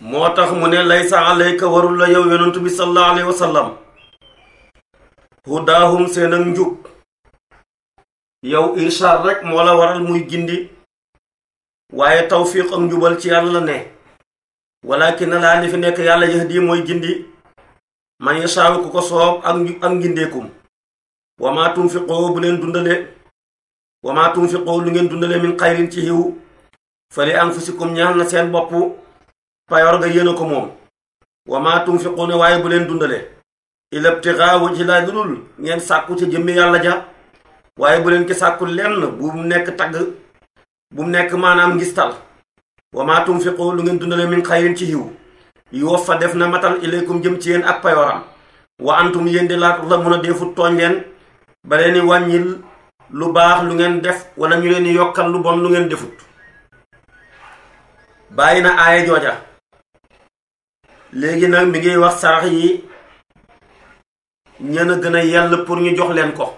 moo tax mu ne lay alayka warul warula yow yonentu bi sallallahu alayhi wa sallam hudaahum seen ak njub yow irshaad rek moo la waral muy gindi waaye tawfiq ak njubal ci yàlla ne walakin laa li fi nekk yàlla yahdi mooy gindi man yashaa'u ku ko soob ak ak ngindeekum wa maa bu leen dundale wa maa tunfiqoo lu ngeen dundale min xayrin ci xiw fa li anfusikum ñaal na seen bopp payoor nga yéene ko moom wa maa tunfiquuna waaye bu leen dundale illa ibtigaa wajhi laa lu ngeen sàkku ci jëmmi yàlla ja waaye bu leen ki sàkku lenn bu mu nekk tagg bu mu nekk maanaam ngistal wa maa tunfiqu lu ngeen dundale min xayrin ci yiw yuwaffa def na matal ilaykum jëm ci yéen ak payooram wa antum yéen di laa la mun a deefut tooñ leen ba leen di wàññil lu baax lu ngeen def wala ñu leen di yokkal lu bon lu ngeen defut bàyyi na aaya jooja léegi nag mi ngi wax sarax yi ñen a gën a yell pour ñu jox leen ko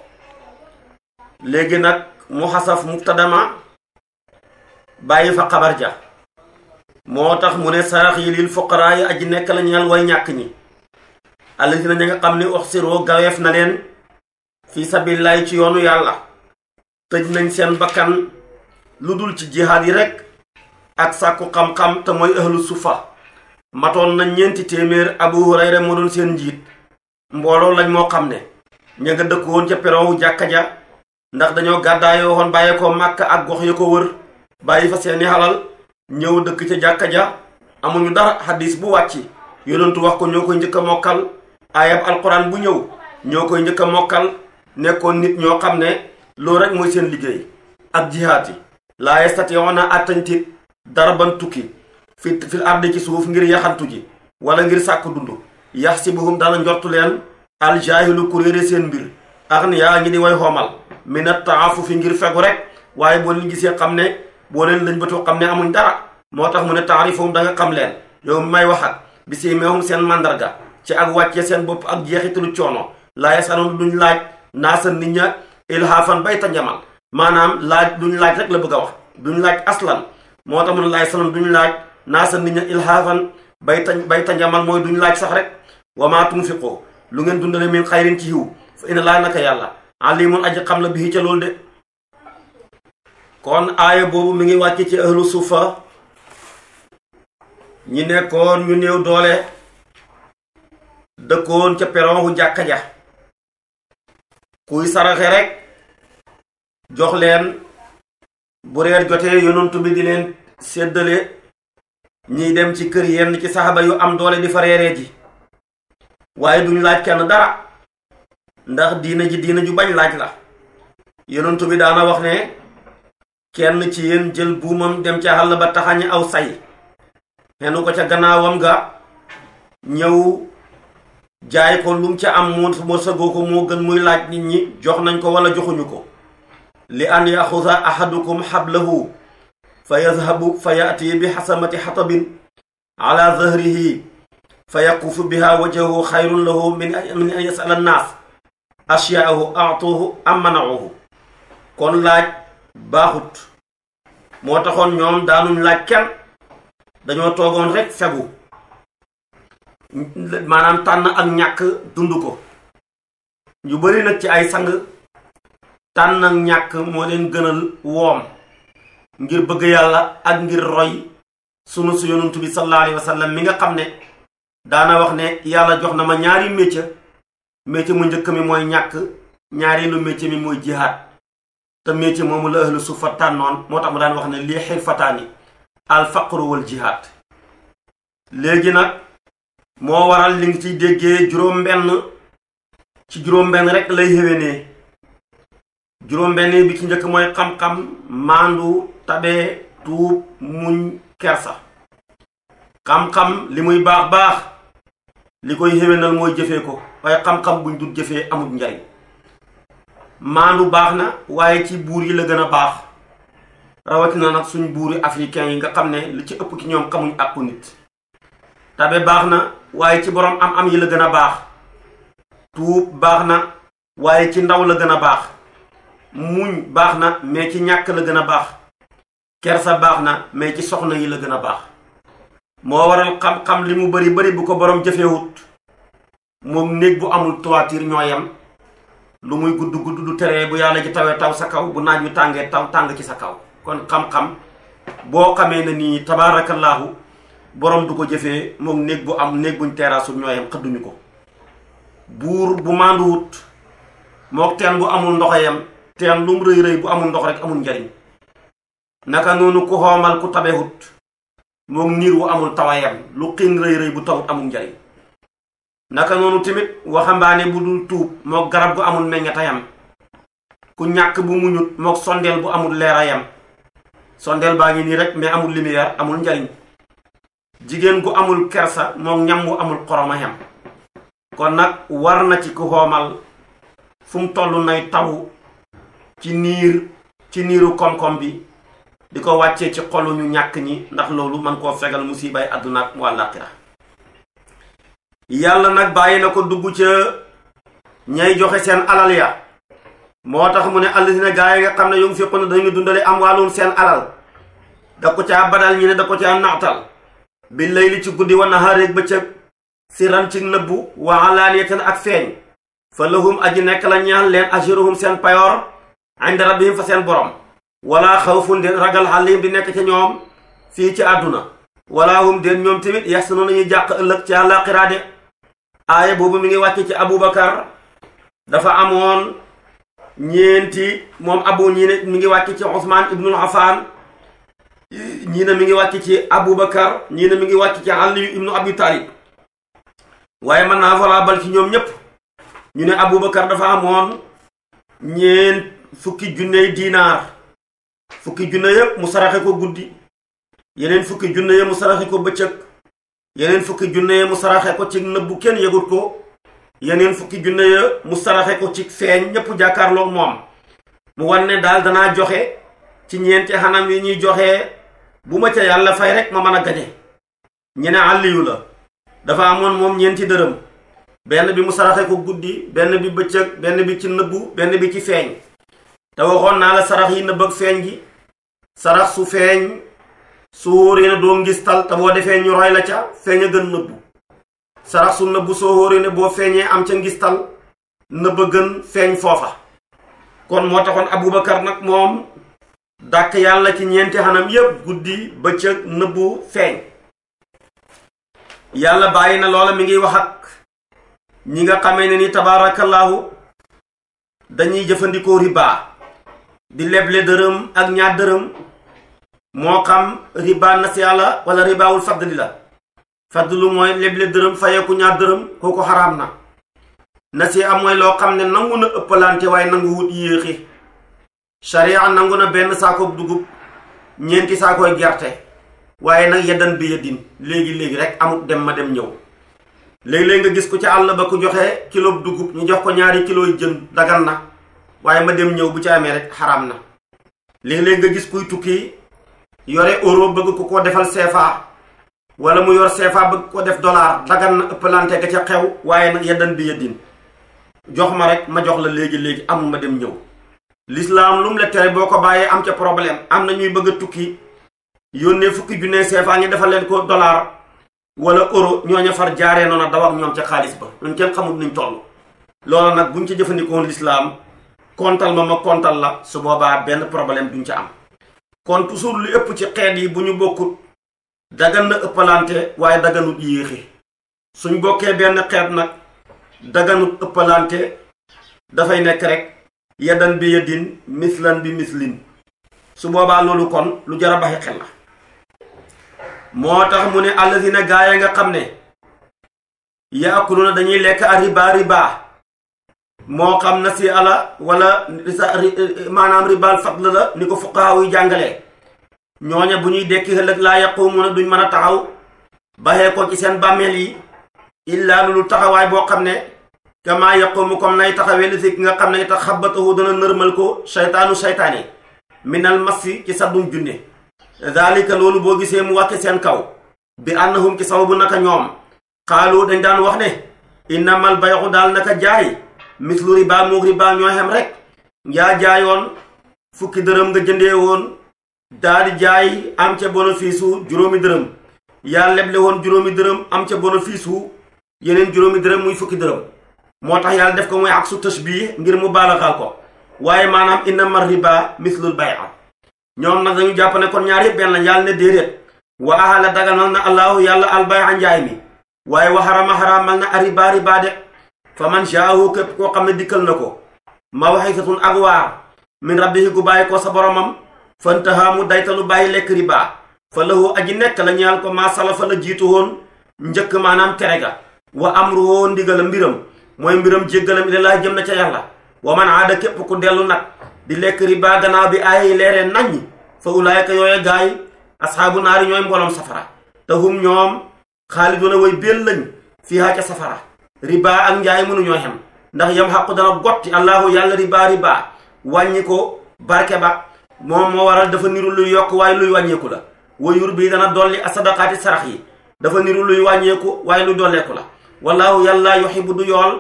léegi nag mu xasaf muktadama bàyyi fa xabar ja moo tax mu ne sarax yi lil fuqaraa yi aji nekk lañu ñeel way ñàkk ñi allatina ña nga xam ni oxsiroo gaweef na leen fi sabilillahi ci yoonu yàlla tëj nañ seen bakkan lu dul ci jihaad yi rekk ak sàkku xam-xam te mooy ahlu sufa matoon na ñeenti téeméer abu hurayra moo doon seen njiit mbooloo lañ moo xam ne ña nga dëkkoon ca peron wu jàkka ja ndax dañoo gàddaayoo woon bàyyi ko ak gox ya ko wër bàyyi fa seeni xalal ñëw dëkk ca jàkka ja amuñu dara xadis bu wàcc yonentu wax ko ñoo koy njëkk a mokkal aayam alquran bu ñëw ñoo koy njëkk a mokkal nekkoon nit ñoo xam ne loolu rek mooy seen liggéey ak jihaat yi laa yastatiyoona dara ban tukki fi fil ardi ci suuf ngir yaxantu ji wala ngir sàkk dund yaxsibuhum dana njortu leen aljaahilu kuréere seen mbir axniyaa ngi di way xoomal minat taafufi ngir fegu rek waaye boo leen gisee xam ne boo leen lañ bëtu xam ne amuñ dara moo tax mu ne taarifum danga xam leen yow mi may wax ak bi si meewum seen màndarga ci ak wàcce seen bopp ak jeexitalu coono laaye sanoon duñ laaj sa nit ña ilhaafan bay ta njamal maanaam laaj duñ laaj rek la bëgg a wax duñ laaj aslan moo naa sa nit ña ilhaafan bay ta bay tanjamal mooy duñ laaj sax rek wa maa tunfiqu lu ngeen dundale min xayrin ci yiw fa inna laa naka yàlla alimun aji xam la bii ca loolu de kon aaya boobu mi ngi wàcc ci ahlu suufa ñi nekkoon ñu néew doole dëkkoon ca peron wu jàkka ja kuy saraxe rek jox leen bu reer jotee yonantu bi di leen séddale ñiy dem ci kër yenn ci saxaba yu am doole di fa reeree ji waaye duñ laaj kenn dara ndax diina ji diina ju bañ laaj la yonentu bi daana wax ne kenn ci yéen jël buumam dem ca àll ba taxañi aw say xenu ko ca gannaawam nga ñëw jaay ko lum ca am moo sëgoo ko moo gën muy laaj nit ñi jox nañ ko wala joxuñu ko li an yaxusa ahadukum xablahu fa yazhabu fa yaati bi xasamati xatabin ala zahrihi fa yaqufu biha wajhahu xayrun lahu min min an yasala annaas ashyaahu am manauhu kon laaj baaxut moo taxoon ñoom daanuñ laaj kenn dañoo toogoon rek fegu maanaam tànn ak ñakk dund ko ñu bari nag ci ay sang tànn ak ñàkk moo leen gëna woom ngir bëgg yàlla ak ngir roy sunu su yonantu bi sallallahu alayhi mi nga xam ne daana wax ne yàlla jox na ma ñaari métier métier mu njëkk mi mooy ñàkk ñaareelu métier mi mooy jihaad te métier moomu la ahlu sufa moo tax mu daan wax ne lii xirfataani al faqru wal léegi nag moo waral li nga ciy déggee juróom-benn ci juróom-benn rek lay xéwénee juróom-benn bi ci njëkk mooy xam-xam maandu tabee tuub muñ kersa xam-xam li muy baax baax li koy xéwénal mooy jëfee ko waaye xam-xam buñ dul jëfee amul njariñ maandu baax na waaye ci buur yi la gën a baax rawatina nag suñ buuri africain yi nga xam ne li ci ëpp ki ñoom xamuñ àqu nit tabe baax na waaye ci boroom am-am yi la gën a baax tuub baax na waaye ci ndaw la gën a baax muñ baax na mais ci ñàkk la gën a baax ker sa baax na mais ci soxna yi la gën a baax moo waral xam-xam li mu bari bari bu ko boroom jëfewut moom néeg bu amul toiture ñoo yem lu muy gudd gudd tere bu yàlla ji tawee taw sa kaw bu naaj wi tàngee taw tàng ci sa kaw kon xam boo xamee na nii tabaarakallaahu borom du ko jëfee moom néeg bu am néeg buñ teraasul ñoo xëdduñu ko buur bu mànduwut mook teen bu amul ndox yem teen lu mu rëy rëy bu amul ndox rek amul njariñ naka noonu ku xoomal ku tabexut moom niir wu amul tawayam lu xiin rëy rëy bu tawut amul njariñ naka noonu tamit waxambaane bu dul tuub moo garab gu amul meññatayam ku ñàkk bu muñut mook sondeel bu amul leerayam sondeel baa ngi nii rek mais amul lumière amul njariñ jigéen gu amul kersa moom ñam wu amul xoromayam kon nag war na ci ku xoomal fu mu toll nay taw ci niir ci niiru koom-koom bi di ko wàccee ci xolu ñu ñàkk ñi ndax loolu man koo fegal musibaay àdduna ak mu àllaaxira yàlla nag bàyyi na ko dugg ca ñay joxe seen alal ya moo tax mu ne allasina gaa yi nga xam ne yunfiquna dañu dundale am wàllum seen alal da ko ca badal ñi ne da ko caa naatal bi layli ci guddi wa nahaari bëccëg si ran ci nëbbu wa alaaniyatan ak feeñ fa lahum aji nekk la ñaan leen ajruhum seen payoor inda rabbihim fa seen boroom wala xawfun déet ragal xalim di nekk ca ñoom fii ci àdduna wala hum déet ñoom tamit yaxsanu nañu jàq ëllëg ci àllaaxira de aaya boobu mi ngi wàcce ci Aboubacar dafa amoon ñeenti moom abu ñii mu ngi wàcc ci Ousmane ibnul Affan ñii ne mi ngi wàcc ci Aboubacar ñii ne mi ngi wàcc ci ibnu Abi Talib waaye mën naa valable ci ñoom ñépp ñu ne Aboubacar dafa amoon ñeent fukki junney diinaar fukki junne yëpp mu saraxe ko guddi yeneen fukki junne ya mu saraxe ko bëccëg yeneen fukki junne ya mu saraxe ko ci nëbbu kenn yëgut ko yeneen fukki junne ya mu saraxe ko ci feeñ ñépp jàkkaarloog moom mu wan ne daal danaa joxe ci ñeenti xanam yi ñuy joxe bu ma ca yàlla fay rek ma mën a gañe ñu àlliyu la dafa amoon moom ñeenti dërëm benn bi mu saraxe ko guddi benn bi bëccëg benn bi ci nëbbu benn bi ci feeñ te waxoon naa la sarax yi na bëgg feeñ gi sarax su feeñ su wóoree doo ngistal te boo defee ñu roy la ca feeñ a gën nëbbu sarax su nëbbu soo wóoree boo feeñee am ca ngistal nëbba gën feeñ foofa kon moo taxoon Aboubacar nag moom dàkk yàlla ci ñeenti xanam yépp guddi bëccëg nëbbu feeñ yàlla bàyyi na loola mi ngi wax ak ñi nga xamee ne ni tabaarakallaahu dañuy jëfandikoo riba di leble dërëm ak ñaar dërëm moo xam riba nasiya la wala ribaawul fadli la fadlu mooy leble dërëm fayeeku ñaar dërëm kooku xaraam na nasiya mooy loo xam ne nangu na ëppalante waaye nangu wut yéexi sharia nangu na benn saakoob dugub ñeenti saakooy gerte waaye nag yeddan bi yeddin léegi-léegi rek amut dem ma dem ñëw léeg-léeg nga gis ko ci àll ba ku joxe kilo dugub ñu jox ko ñaari kilo jën dagan na waaye ma dem ñëw bu ci amee rek xaraam na léeg-léeg nga gis kuy tukki yore euro bëgg ko koo defal CFA wala mu yor CFA bëgg ko def dollar dagan na ëppalante ga ca xew waaye nag yeddan bi yeddin jox ma rek ma jox la léegi-léegi am ma dem ñëw lislaam lu mu la tere boo ko bàyyee am ca problème am na ñuy bëgg a tukki yónnee fukki junne CFA ñu defal leen ko dollar wala euro ñooña far jaaree noonu daw ñoom ca xaalis ba ñun kenn xamul nuñ toll loola nag buñ ci jëfandikoon lislaam kontal ma ma kontal la su boobaa benn problème duñ ca am kon toujours lu ëpp ci xeet yi bu ñu bokkut dagan na ëppalante waaye daganut yéexi suñ bokkee benn xeet nag daganut ëppalante dafay nekk rek yeddan bi yeddin mislan bi mislin su boobaa loolu kon lu jar a xel la moo tax mu ne allazina gaaya nga xam ne yaakuluna dañuy lekk a riba riba moo xam na si la wala maanaam ribaal fadl la ni ko fuqahaa yu jàngalee bu ñuy dekki ëllëg laa yaquumuuna duñ mën a taxaw baxee ko ci seen bàmmeel yi illaa lu taxawaay boo xam ne kamaa yaquumu comme nay taxawee li si nga xam ne tax xabatahu dana nërmal ko seytaanu seytaane minal massi ci saddum junne daalika loolu boo gisee mu wàcce seen kaw bi annahum ci sababu naka ñoom xaalu dañ daan wax ne innamal bayxu daal naka jaay mislu riba moog riba ñoo xam rek yaa jaayoon fukki dërëm nga jëndee woon daal di jaay am ca bénéfice u juróomi dërëm yaa leble woon juróomi dërëm am ca bon bénéfice u yeneen juróomi dërëm muy fukki dërëm moo tax yàlla def ko muy ak su tashbih ngir mu baalaxal ko waaye maanaam innama riba mislul bay'a ñoom nag dañu jàpp ne kon ñaar yëpp benn la yàlla ne déedéet wa ahala daganal na allahu yàlla al bay'a njaay mi waaye wa harama haramal na a riba riba fa man shaahu képp koo xam ne dikkal na ko mawxisatun ak waar min rabbihi gu bàyyi ko sa boromam fantahaa mu lu bàyyi lekk riba fa lahu aji nekk la ñaal ko maa salafa jiitu woon njëkk maanaam tere ga wa amruhu ndigalam mbiram mooy mbiram jéggalam ilallaahi jëm na ca yàlla wa man aada képp ku dellu nag di lekk riba gannaaw bi aaya leeree naññ fa ulaayka yooye gaay asxaabu naari ñooy mbooloom safara te hum ñoom xaaliduna way béel riba ak njaay mënuñoo xem ndax yam xaqu dana gotti allahu yàlla riba riba wàññi ko barke ba moom moo waral dafa niru luy yokk waaye luy wàññeeku la wayur bii dana dolli asadaqaati sarax yi dafa niru luy wàññeeku waaye lu dolleeku la wallahu yàlla yuxibu du yool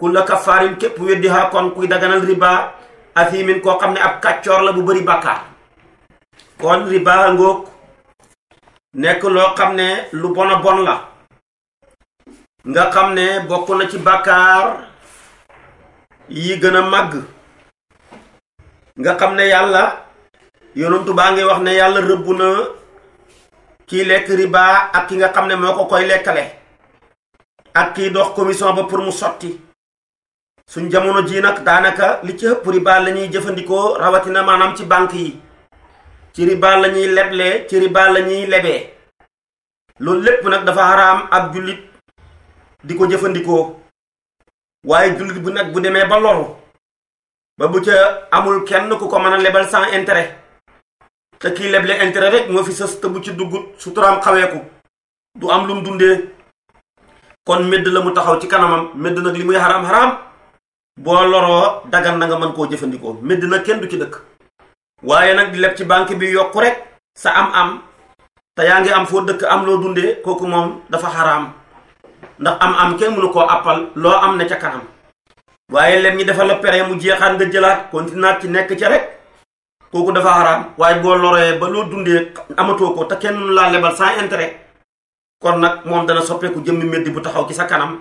kulla kafaarin képp weddi haa kon kuy daganal riba athimin koo xam ne ab kàccoor la bu bari bàkkaar kon riba ngóog nekk loo xam ne lu bona bon la nga xam ne bokk na ci bàkkaar yi gën a màgg nga xam ne yàlla yonentu baa ngi wax ne yàlla rëbb na kiy lekk riba ak ki nga xam ne moo ko koy lekkale ak kiy dox commission ba pour mu sotti suñ jamono ji nag daanaka li ci ëpp riba la ñuy jëfandikoo rawatina maanaam ci banque yi ci riba lañuy ñuy leble ci riba la ñuy lebee loolu lépp nag dafa xaraam ab jullit di ko jëfandikoo waaye jullit bu nag bu demee ba loru ba bu ca amul kenn ku ko mën a lebal sans intérêt te kii leble intérêt rek moo fi sës te bu ci dugg suturaam xaweeku du am lum dundee kon medd la mu taxaw ci kanamam medd nag li muy xaraam xaraam boo loroo dagan na nga mën koo jëfandikoo medd na kenn du ci dëkk waaye nag di leb ci banque bi yokku rek sa am am te yaa ngi am foo dëkk am loo dundee kooku moom dafa xaraam ndax am-am kenn mënu koo àppal loo am na ca kanam waaye lem ñi dafa la pere mu jeexaat nga jëlaat continuaat ci nekk ca rek kooku dafa xaraam waaye boo loree ba loo dundee amatoo ko te kenn mënu laa lebal sans intérêt kon nag moom dana soppeeku jëmmi meddi bu taxaw ci sa kanam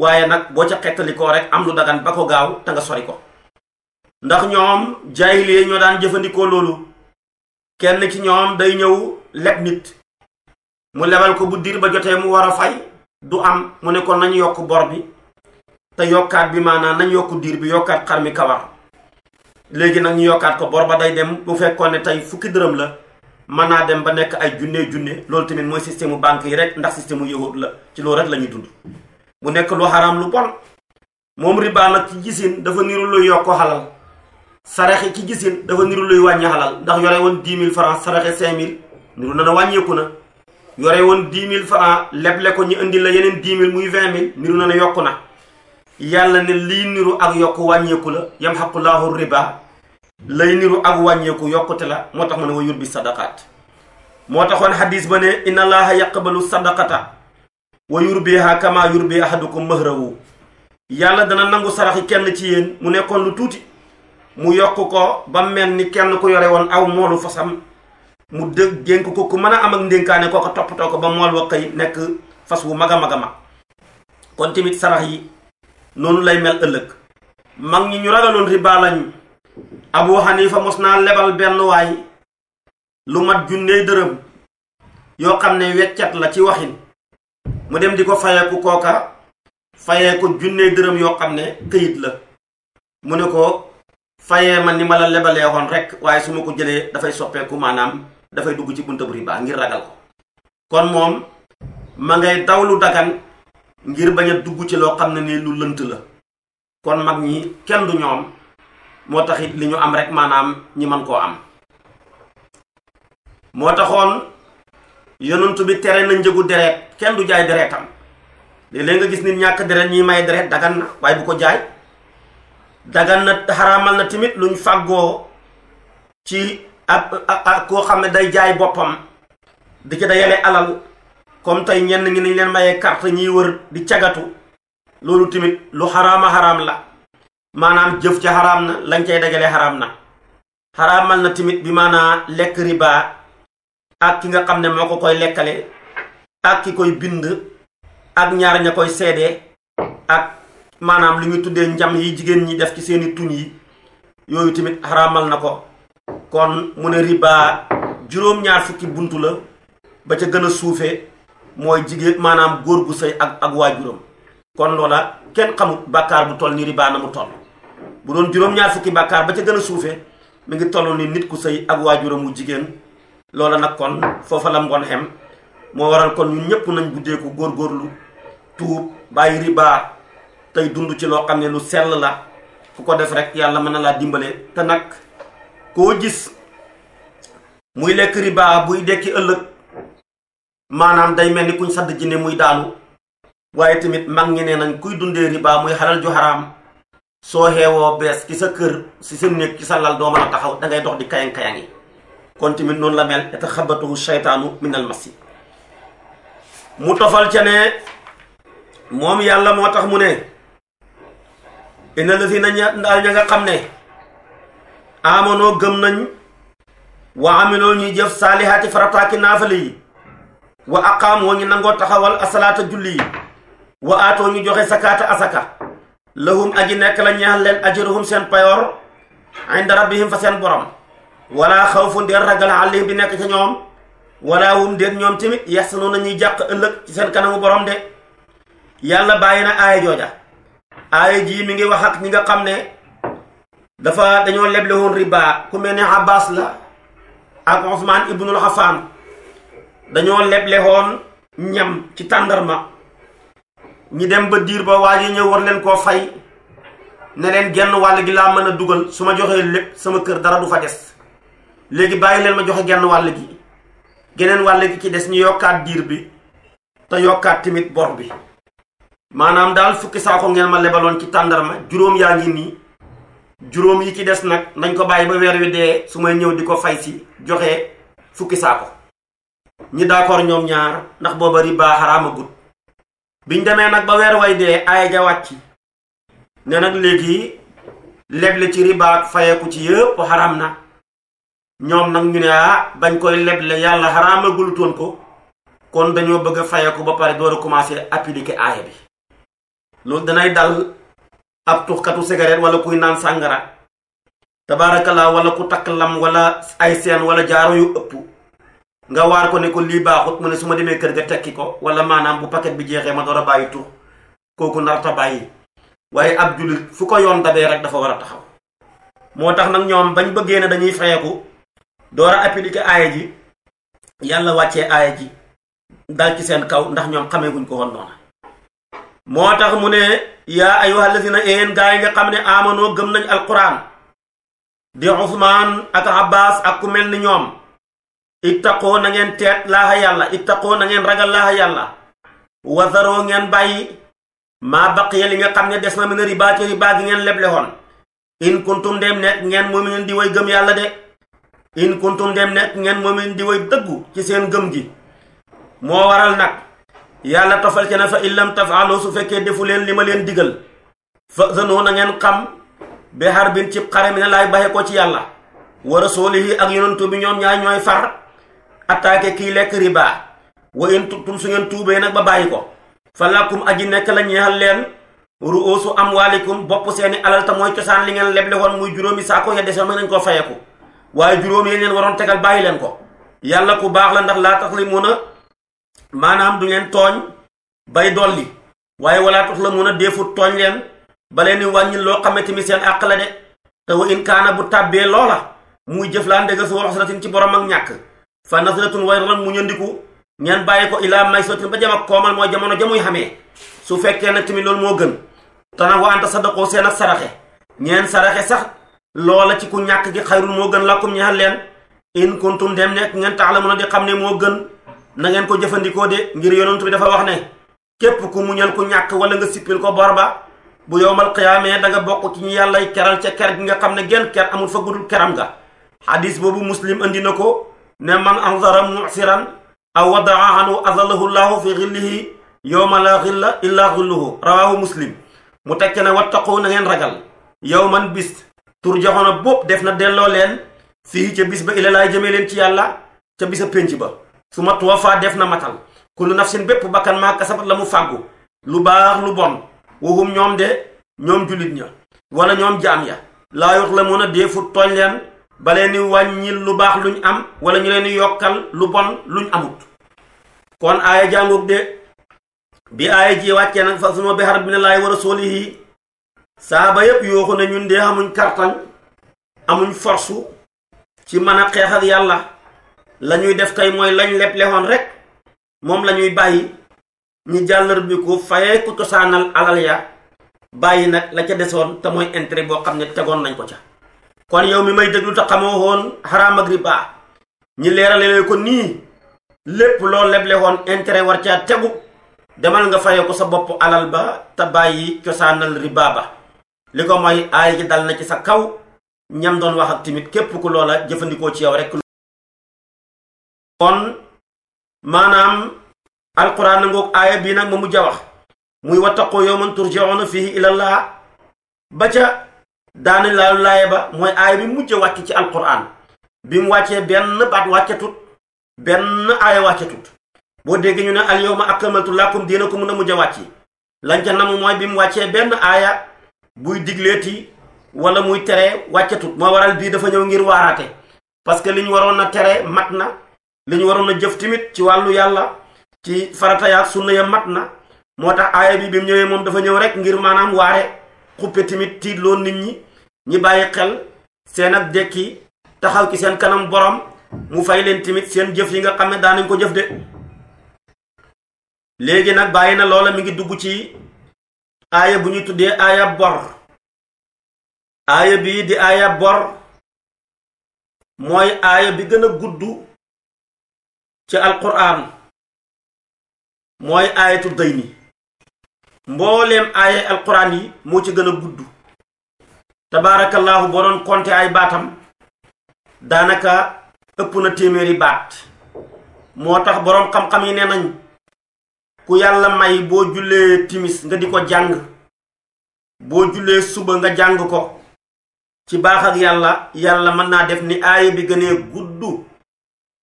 waaye nag boo ca xettalikoo rek am lu dagan ba ko gaaw te nga sori ko ndax ñoom jaahiliye ñoo daan jëfandikoo loolu kenn ci ñoom day ñëw leb nit mu lebal ko bu diir ba jotee mu war a du am mu nekkoon kon nañ yokk bor bi te yokkaat bi maanaam nañ yokk diir bi yokkaat xar mi kawar léegi nag ñu yokkaat ko bor ba day dem bu fekkoon ne tey fukki dërëm la man naa dem ba nekk ay junne junne loolu tamit mooy système mu banque yi rek ndax système mu yahut la ci loolu rek la ñuy dund mu nekk lu xaraam lu bon moom riba nag ci gisin dafa niru luy yokk xalal saraxe ci gisin dafa niru luy wàññi xalal ndax yore woon 10 mille francs saraxe 5 000 wàññeeku na yore woon dix mille francs leble ko ñu indi la yeneen dix mille muy vingt mille niru na ne yokku na yàlla ne lii niru ak yokk wàññeeku la yam xaqulaahu riba lay niru ak wàññeeku yokkute la moo tax mu ne wa yurbi sadaqaat moo taxoon xadis ba ne yàq allaha yaqbalu sadaqata wa yurbiha kama yurbi ko mahrahu yàlla dana nangu saraxi kenn ci yéen mu nekkoon lu tuuti mu yokk ko ba mel ni kenn ku yore woon aw moolu fasam mu dëgg génk ko ku mën a am ak ndénkaane kooka toppatoo ko ba mool wa xëy nekk fas wu mag a mag a mag kon tamit sarax yi noonu lay mel ëllëg mag ñi ñu ragaloon riba lañ abu xanifa mos naa lebal benn waay lu mat junney dërëm yoo xam ne weccat la ci waxin mu dem di ko fayeeku kooka fayee ko junney dërëm yoo xam ne këyit la mu ne ko fayee ma ni ma la lebaleexoon rek waaye su ma ko jëlee dafay soppeeku maanaam dafay dugg ci bunta bu riba ngir ragal ko kon moom ma ngay daw lu dagan ngir bañ dugg ci loo xam ne ni lu lënt la kon mag ñi kenn du ñoom moo taxit li ñu am rek maanaam ñi man koo am moo taxoon yonent bi tere na njëgu deret kenn du jaay deretam léeg-léeg nga gis nit ñàkk deret ñi may deret dagan na waaye bu ko jaay dagan na xaraamal na tamit luñ fàggoo ci ak koo xam ne day jaay boppam di ca dajale alal comme tey ñenn ñi nañ leen mayee carte ñiy wër di cagatu loolu tamit lu xaraama xaraam la maanaam jëf ca xaraam na lañ cay dajale xaraam na xaraamal na tamit bi maanaa lekk riba ak ki nga xam ne moo ko koy lekkale ak ki koy bind ak ñaar ña koy seede ak maanaam lu ñu tuddee njam yi jigéen ñi def ci seeni tuñ yi yooyu tamit xaraamal na ko kon mu ne riba juróom-ñaar fukki bunt la ba ca gën a suufe mooy jigéen maanaam góor gu sëy ak ak waajuram kon loola kenn xamut bàkkaar bu toll ni riba na mu toll bu doon juróom-ñaar fukki bàkkaar ba ca gën a suufe mi ngi toll ni nit ku sëy ak waajuram wu jigéen loola nag kon foofa la ngoon moo waral kon ñun ñëpp nañ góor góorlu tuub bàyyi riba tey dund ci loo xam ne lu sell la ku ko def rek yàlla mën na laa dimbale te nag koo gis muy lekk riba buy dekki ëllëg maanaam day mel ni kuñ sadd jinne muy daanu waaye tamit mag ñi ne nañ kuy dundee riba muy xalal ju xaraam soo xeewoo bees ci sa kër si sa néeg ci sa lal doo a taxaw dangay dox di kayang-kayang yi kon tamit noonu la mel yataxabatuhu shaytaanu minal masi mu tofal ca ne moom yàlla moo tax mu ne inna lazina ña nga xam ne aamanoo gëm nañu wa amiloo ñuy jëf saalihaati farataaki naafale yi wa aqaamoo ñu nangoo taxawal asalaata julli yi wa atoo ñu joxe sakaata asaka lahum aji nekk la ñeexal leen ajruhum seen payoor bi rabbihim fa seen borom wala xawfun deen ragal alayhim di nekk ca ñoom wala hum deen ñoom tamit yaxsanoon na ñuy jàq ëllëg ci seen kanamu boroom de yàlla bàyyi na aaya jooja aaya jii mi ngi wax ak nga xam ne dafa dañoo leble woon riba ku mel ne la ak Ousmane ibnul Affan dañoo leble woon ñam ci tàndarma ñi dem ba diir ba waa ji ñëw war leen koo fay ne leen genn wàll gi laa mën a dugal su ma joxee lépp sama kër dara du fa des léegi bàyyi leen ma joxe genn wàll gi geneen wàll gi ci des ñi yokkaat diir bi te yokkaat tamit bor bi maanaam daal fukki saako ngeen ma lebaloon ci tàndarma juróom yaa ngi nii juróom yi ci des nag nañ ko bàyyi ba weer wi dee su may ñëw di ko fay si joxe fukki saako ñi d'accord ñoom ñaar ndax booba riba xaraama gut biñ demee nag ba weer way dee aaya ja wàcc ne nag léegi leble ci riba ak fayeku ci yëpp xaram na ñoom nag ñu ne ah bañ koy leble yàlla xaraamagul toon ko kon dañoo bëgg a fayeku ba pare door a commencer appliquer aaya bi loolu danay dal ab tuxkatu cigarette wala kuy naan sàngara tabaarakallaa wala ku takk lam wala ay seen wala jaaro yu ëpp nga waar ko ne ko lii baaxut mu ne su ma demee kër ga tekki ko wala maanaam bu paquet bi jeexee ma door a bàyyi tux kooku narta bàyyi waaye ab jullit fu ko yoon dabee rek dafa war a taxaw moo tax nag ñoom bañ bëggee na dañuy fayeku door a appliquer aaya ji yàlla wàccee aaya ji dal ci seen kaw ndax ñoom xamee guñ ko woon noona moo tax mu ne yaa ayyuhal na yéen gaa yi nga xam ne amanoo gëm nañu alquran di Usmaan ak Abbas ak ku mel ni ñoom ittaqoo na ngeen teet laaha yàlla ittaqoo na ngeen ragal laaha yàlla wazaroo ngeen bàyyi maa baqiya li nga xam ne des na mina riba ci riba gi ngeen leble woon in kuntum dem nekk ngeen mu'minin di way gëm yàlla de in kuntum dem nekk ngeen mu'minin di way dëggu ci seen gëm gi moo waral nag yàlla tofal ci na fa illam tafaalu su fekkee defu leen li ma leen digal fa zanoo na ngeen xam bi harbin cib xare mi ne laay ko ci yàlla wa rasulihi ak yonantu bi ñoom ñaar ñooy far attaqué kii lekk riba wa in tubtum su ngeen tuubee nag ba bàyyi ko fa lakum aji nekk la ñeexal leen ru'uusu amwaalikum bopp seeni alal te mooy cosaan li ngeen leble woon muy juróomi saako ya desoon mën nañ koo fayeku waaye juróom yi ngeen waroon tegal bàyyi leen ko maanaam du ngeen tooñ bay dolli waaye walaa tux la mun a déefut tooñ leen ba leen di wàññil loo xamante mi seen àq la de te wa in kaana bu tàbbee loola muy jëflaan dëgg su waxsaratin ci borom ak ñàkk fa nasratun way ron mu ñëndiku ngeen bàyyi ko ilaa may sotin ba jam ak koomal mooy jamono jamuy xamee su fekkee nag tamit loolu moo gën tana wa sa sadaqoo seen ak saraxe ñeen saraxe sax loola ci ku ñàkk gi xayrul moo gën lakkum ñaxal leen in kuntum dem nekk xam ne moo gën nangeen ngeen ko jëfandikoo de ngir yonent bi dafa wax ne képp ku muñal ku ñàkk wala nga sippil ko bor ba bu yowmal qiyaamee da nga bokk ci ñu yàllay keral ca ker gi nga xam ne genn ker amul fa gudul keram nga xadis boobu muslim indi na ko ne man anzara mu'siran aw wadaa anhu azalahu llahu fi xillihi yowma la xilla illa xilluhu rawahu muslim mu tekke ne wattaqu na ngeen ragal yow man bis tur joxoona bopp def na delloo leen fii ca bis ba ila laay jëmee leen ci yàlla ca bisa pénc ba su ma tuwafaa def na matal kullu nafsin bépp bakkan maa kasabat la mu fàggu lu baax lu bon waxum ñoom de ñoom jullit ña wala ñoom jaam ya laa yox la mun a deefu tooñ leen ba leen di wàññil lu baax luñ am wala ñu leen di yokkal lu bon luñ amut kon aaya jàngug de bi aaya ji wàccee nag fa suma bi xarab bi ne laay war a soolihi saaba yépp yooxu ne ñun de amuñ kartan amuñ force ci mën a xeex yàlla la ñuy def kay mooy lañ leb lexoon rek moom lañuy bàyyi ñi jàllar bi ko fayee ku cosaanal alal ya bàyyi nag la ca desoon te mooy intérêt boo xam ne tegoon nañ ko ca kon yow mi may déglu te xamoo woon xaraam ak riba ñi leerale ko nii lépp loo leble woon intérêt war caa tegu demal nga fayee ko sa bopp alal ba te bàyyi cosaanal riba ba li ko mooy aay ji dal na ci sa kaw ñam doon wax ak timit képp ku loola jëfandikoo ci yow rek kon maanaam alquran na ngoog aaya bii nag ma mujj a wax muy wattaqoo yawman turjaoona fihi ilallah ba ca daani laalu laaye ba mooy aaya bi mujj a wàcc ci alquran bi mu wàccee benn baat wàccatut benn aaya wàccatut boo dégg ñu ne al yawma akmaltu lakum diinakum mun a mujj a wàcc lañ ca namu mooy bi mu wàccee benn aaya buy digleeti wala muy tere wàccatut moo waral bii dafa ñëw ngir waaraate parce que liñ waroon na tere mat na li waroon a jëf tamit ci wàllu yàlla ci farata yaak sunna ya mat na moo tax aaya bi bi ñëwee moom dafa ñëw rek ngir maanaam waare xuppe tamit tiitloo nit ñi ñi bàyyi xel seen ak dekki taxaw ci seen kanam borom mu fay leen tamit seen jëf yi nga xam ne daanañ ko jëf de léegi nag bàyyi na loola mi ngi dugg ci aaya bu ñu tuddee aaya bor aaya bii di aaya bor mooy aaya bi gën a gudd ci alquraan mooy aayatu day ni mbooleem aaya alquraan yi moo ci gën a gudd tabaarakallaahu boo doon konte ay baatam daanaka ëpp na téeméeri baat moo tax boroom xam-xam yi ne nañ ku yàlla may boo jullee timis nga di ko jàng boo jullee suba nga jàng ko ci baax ak yàlla yàlla mën naa def ni aaya bi gënee gudd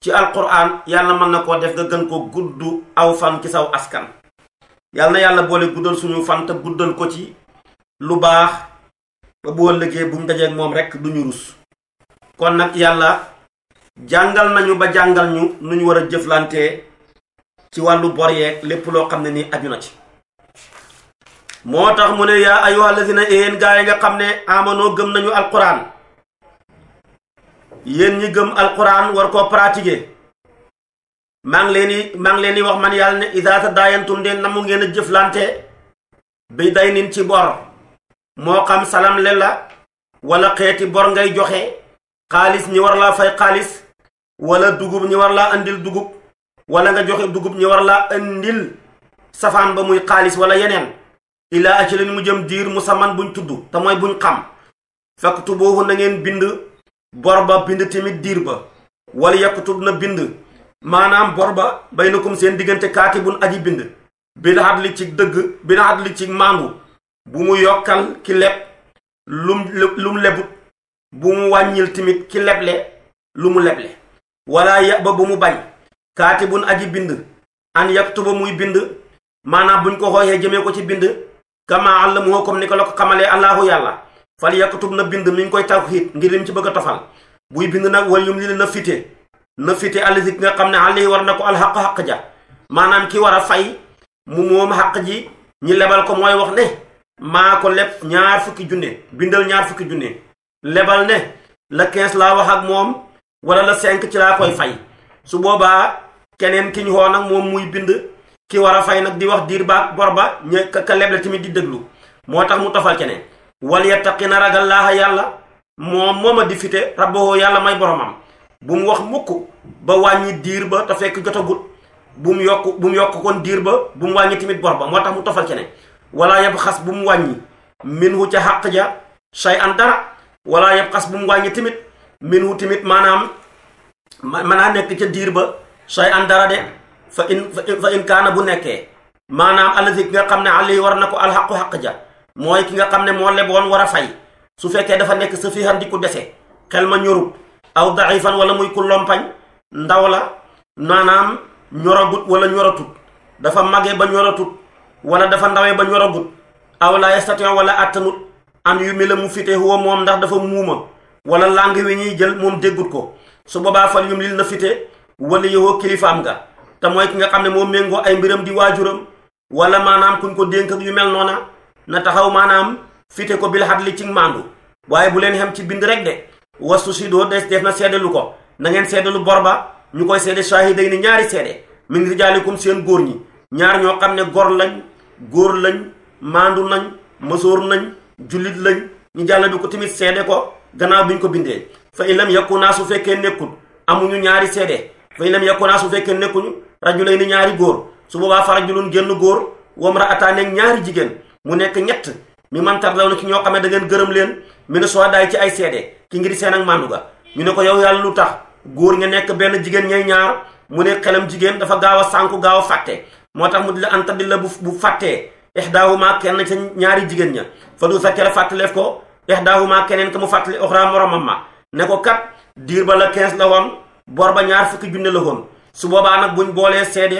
ci alquran yàlla mën na koo def nga gën ko gudd aw fan ci saw askan yàlla na yàlla boole guddal suñu fan te guddal ko ci lu baax ba bu ëllëgee buñ dajeeg moom rekk duñu rus kon nag yàlla jàngal nañu ba jàngal ñu nu ñu war a jëflantee ci wàllu bor lépp loo xam ne ni aju na ci moo tax mu ne yaa ayyuhal lazina yéen gaa yi nga xam ne amanoo gëm nañu alquran yéen ñi gëm alquran war koo pratiquer maa ngi leen di maa ngi leen di wax man yàlla ne idaa tadaayantum de mu ngeen a jëflante bi day nin ci bor moo xam salam le la wala xeeti bor ngay joxe xaalis ñi war laa fay xaalis wala dugub ñi war laa indil dugub wala nga joxe dugub ñi war laa andil safaan ba muy xaalis wala yeneen ilaa leen mu jëm diir musamman buñ tudd te mooy buñ xam faktubuhu na ngeen bind bor ba bind tamit diir ba wala yakkutub na bind maanaam bor ba bay na kum seen diggante kaati bun aji bind bina xat ci dëgg bina xat li ci màngu bu yokkal ki leb lum lum lebut wàññil tamit ki lu mu leble wala ya ba bu mu bañ kaati bun aji bind an ba muy bind maanaam buñ ko xooxee jëmee ko ci bind kama àll mu comme ni ko la ko xamalee allahu yàlla fal yaktub na bind mi ngi koy tawxiid ngir lim ci bëgg a tofal buy bind nag wal yum li na fite na fite allazi ki nga xam ne àll yi war na ko alxaq xaq ja maanaam ki war a fay mu moom xaq ji ñi lebal ko mooy wax ne maa ko leb ñaar fukki junne bindal ñaar fukki junne lebal ne la 15 laa wax ak moom wala la 5 ci laa koy fay su boobaa keneen ki ñu xoo nag moom muy bind ki war a fay nag di wax diir ba bor ba ña ka leble tamit di déglu moo tax mu tofal keneen wal yattaqi na ragal laaha yàlla moom mooma di fite rabbahu yàlla may boromam bu mu wax mukk ba wàññi diir ba te fekk jotagut bu mu yokk bu mu yokk kon diir ba bu mu wàññi tamit bor ba moo tax mu tofal ci ne wala yab xas bu mu wàññi min hu ca xàq ja shay an dara wala yab xas bu mu wàññi tamit min hu tamit maanaam manaa nekk ca diir ba shay an dara de fa in fa in kaana bu nekkee maanaam allazi nga xam ne alli war na ko alxaqu xaq ja mooy ki nga xam ne moo leboon war a fay su fekkee dafa nekk sa fihan di ku dese xel ma ñorut aw daifan wala muy ku lompañ ndaw la maanaam ñoragut wala ñoratut dafa mage ba ñoratut wala dafa ndawee ba ñoragut aw la yastatiyon wala attanut an yu mel la mu fite huwa moom ndax dafa muuma wala langue wi ñuy jël moom déggut ko su boobaa fal yum lil na fite wala yow kilifaam nga te mooy ki nga xam ne moo méngoo ay mbiram di waajuram wala maanaam kuñ dénk yu mel noona na taxaw maanaam fite ko bil li ci maandu waaye bu leen xem ci bind rek de wastu sidoo des def na seedalu ko nangeen seddalu seedalu bor ba ñu koy seede shaahiday ni ñaari mu seede min rijaalikum seen góor ñi ñaar ñoo xam ne gor lañ góor lañ maandu nañ mësoor nañ jullit lañ ñu jàll bi ko timit seede ko gannaaw bi ñu ko bindee fa ilam yakku naa su fekkee nekkul amuñu ñaari seede fa ilam yakku naa su fekkee nekkuñu rajulay ni ñaari góor su boobaa fa rajulun génn góor wam ra ataaneeg ñaari jigéen mu nekk ñett mi mantar law na ci ñoo xam ne ngeen gërëm leen mi ne soo daay ci ay seede ki ngir seen ak màndu ga ñu ne ko yow yàlla lu tax góor nga nekk benn jigéen ñay ñaar mu ne xelam jigéen dafa gaaw a sànku gaaw a fàtte moo tax mu di la antadi la bu bu fàttee ixdaahuma kenn sa ñaari jigéen ña fa du sa kere fàttaleef ko ixdaahuma keneen ka mu fàttali oxra moromam ma ne ko kat diir ba la 15 la woon boor ba ñaar fukki junne la woon su boobaa nag bu ñu boolee seede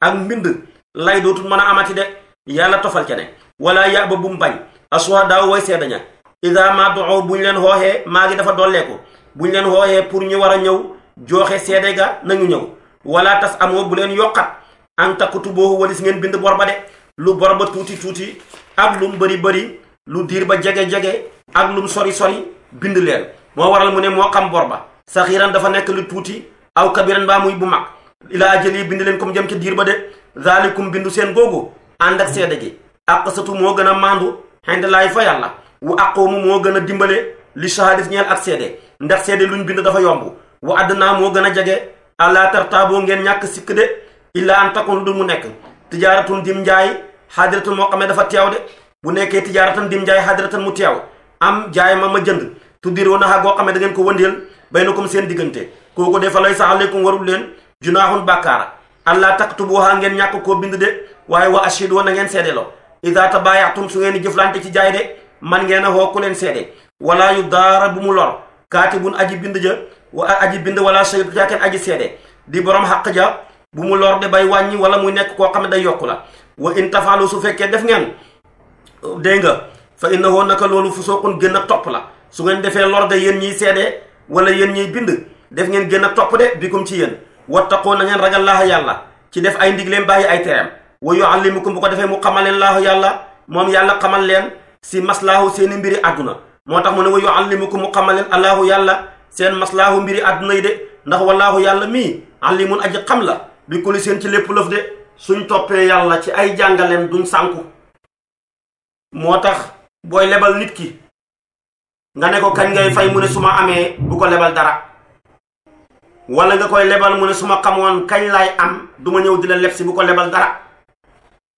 ak mbind lay dootul mën a amati de yàlla tofal ca wala ba bu mu bañ aswa daaw way seedaña ida ma doxoo bu ñu leen xooxee maa ngi dafa dolleeku bu ñu leen xooxee pour ñu war a ñëw joxe seede ga nañu ñëw wala tas amoo bu leen yokkat an takkutu boobu walis ngeen bind bor ba de lu bor ba tuuti tuuti ak lum bëri bëri lu diir ba jege-jege ak lum sori sori bind leen moo waral mu ne moo xam bor ba saxiiran dafa nekk lu tuuti aw kabiran baa muy bu mag ilaa jël yi bind leen comme jëm ca diir ba de zaalikum bindu seen googu ànd ak seede gi aqsatu moo gën a maandu xindalaay fa yàlla wu aqoomu moo gën a dimbale li shahaadat ñeel at seede ndax seede luñ bind dafa yomb wa àddinaa moo gën a jege àllaa tartaaboo ngeen ñàkk sikk de illaa an takun du mu nekk tijaaratun dim njaay xaadiratan moo xamee dafa teew de bu nekkee tijaaratan dim njaay xaadiratan mu teew am jaay ma ma jënd tuddiroo naxa goo xamee da ngeen ko wëndeel bay na comme seen diggante kooku defa lay sa aleykum warul leen junaaxun bàkkaara àllaa taktubuha ngeen ñàkk koo bind de waaye wa ashidu na ngeen seedeloo ida tabayatum su ngeen jëflante ci jaay de man ngeen a woo ku leen seede wala yu daara bu mu lor kaatibun aji bind ja wa aji bind wala sayyidu jaaken aji seede di borom xaq ja bu mu lor de bay wàññi wala muy nekk koo xam ne day yokku la wa in tafalu su fekkee def ngeen dégg nga fa innahu naka loolu fusuqun gën a topp la su ngeen defee lor de yéen ñiy seede wala yéen ñiy bind def ngeen gën a topp de comme ci yéen taxoo na ngeen ragal laaha yàlla ci def ay ndigleem bàyyi ay tereem wa yuallimukum bu ko defee mu xamaleen leen yàlla moom yàlla xamal leen si maslaahu seeni mbiri àdduna moo tax mu ne wa yuallimukum mu xamal leen allahu yàlla seen maslaahu mbiri àdduna yi de ndax walaahu yàlla mii alimun aji xam la bi kuli seen ci lépp lëf de suñ toppee yàlla ci ay jàngaleem duñ sànku moo tax booy lebal nit ki nga ne ko kañ ngay fay mu ne su amee bu ko lebal dara wala nga koy lebal mu ne su ma xamoon kañ laay am du ma ñëw di la leb si bu ko dara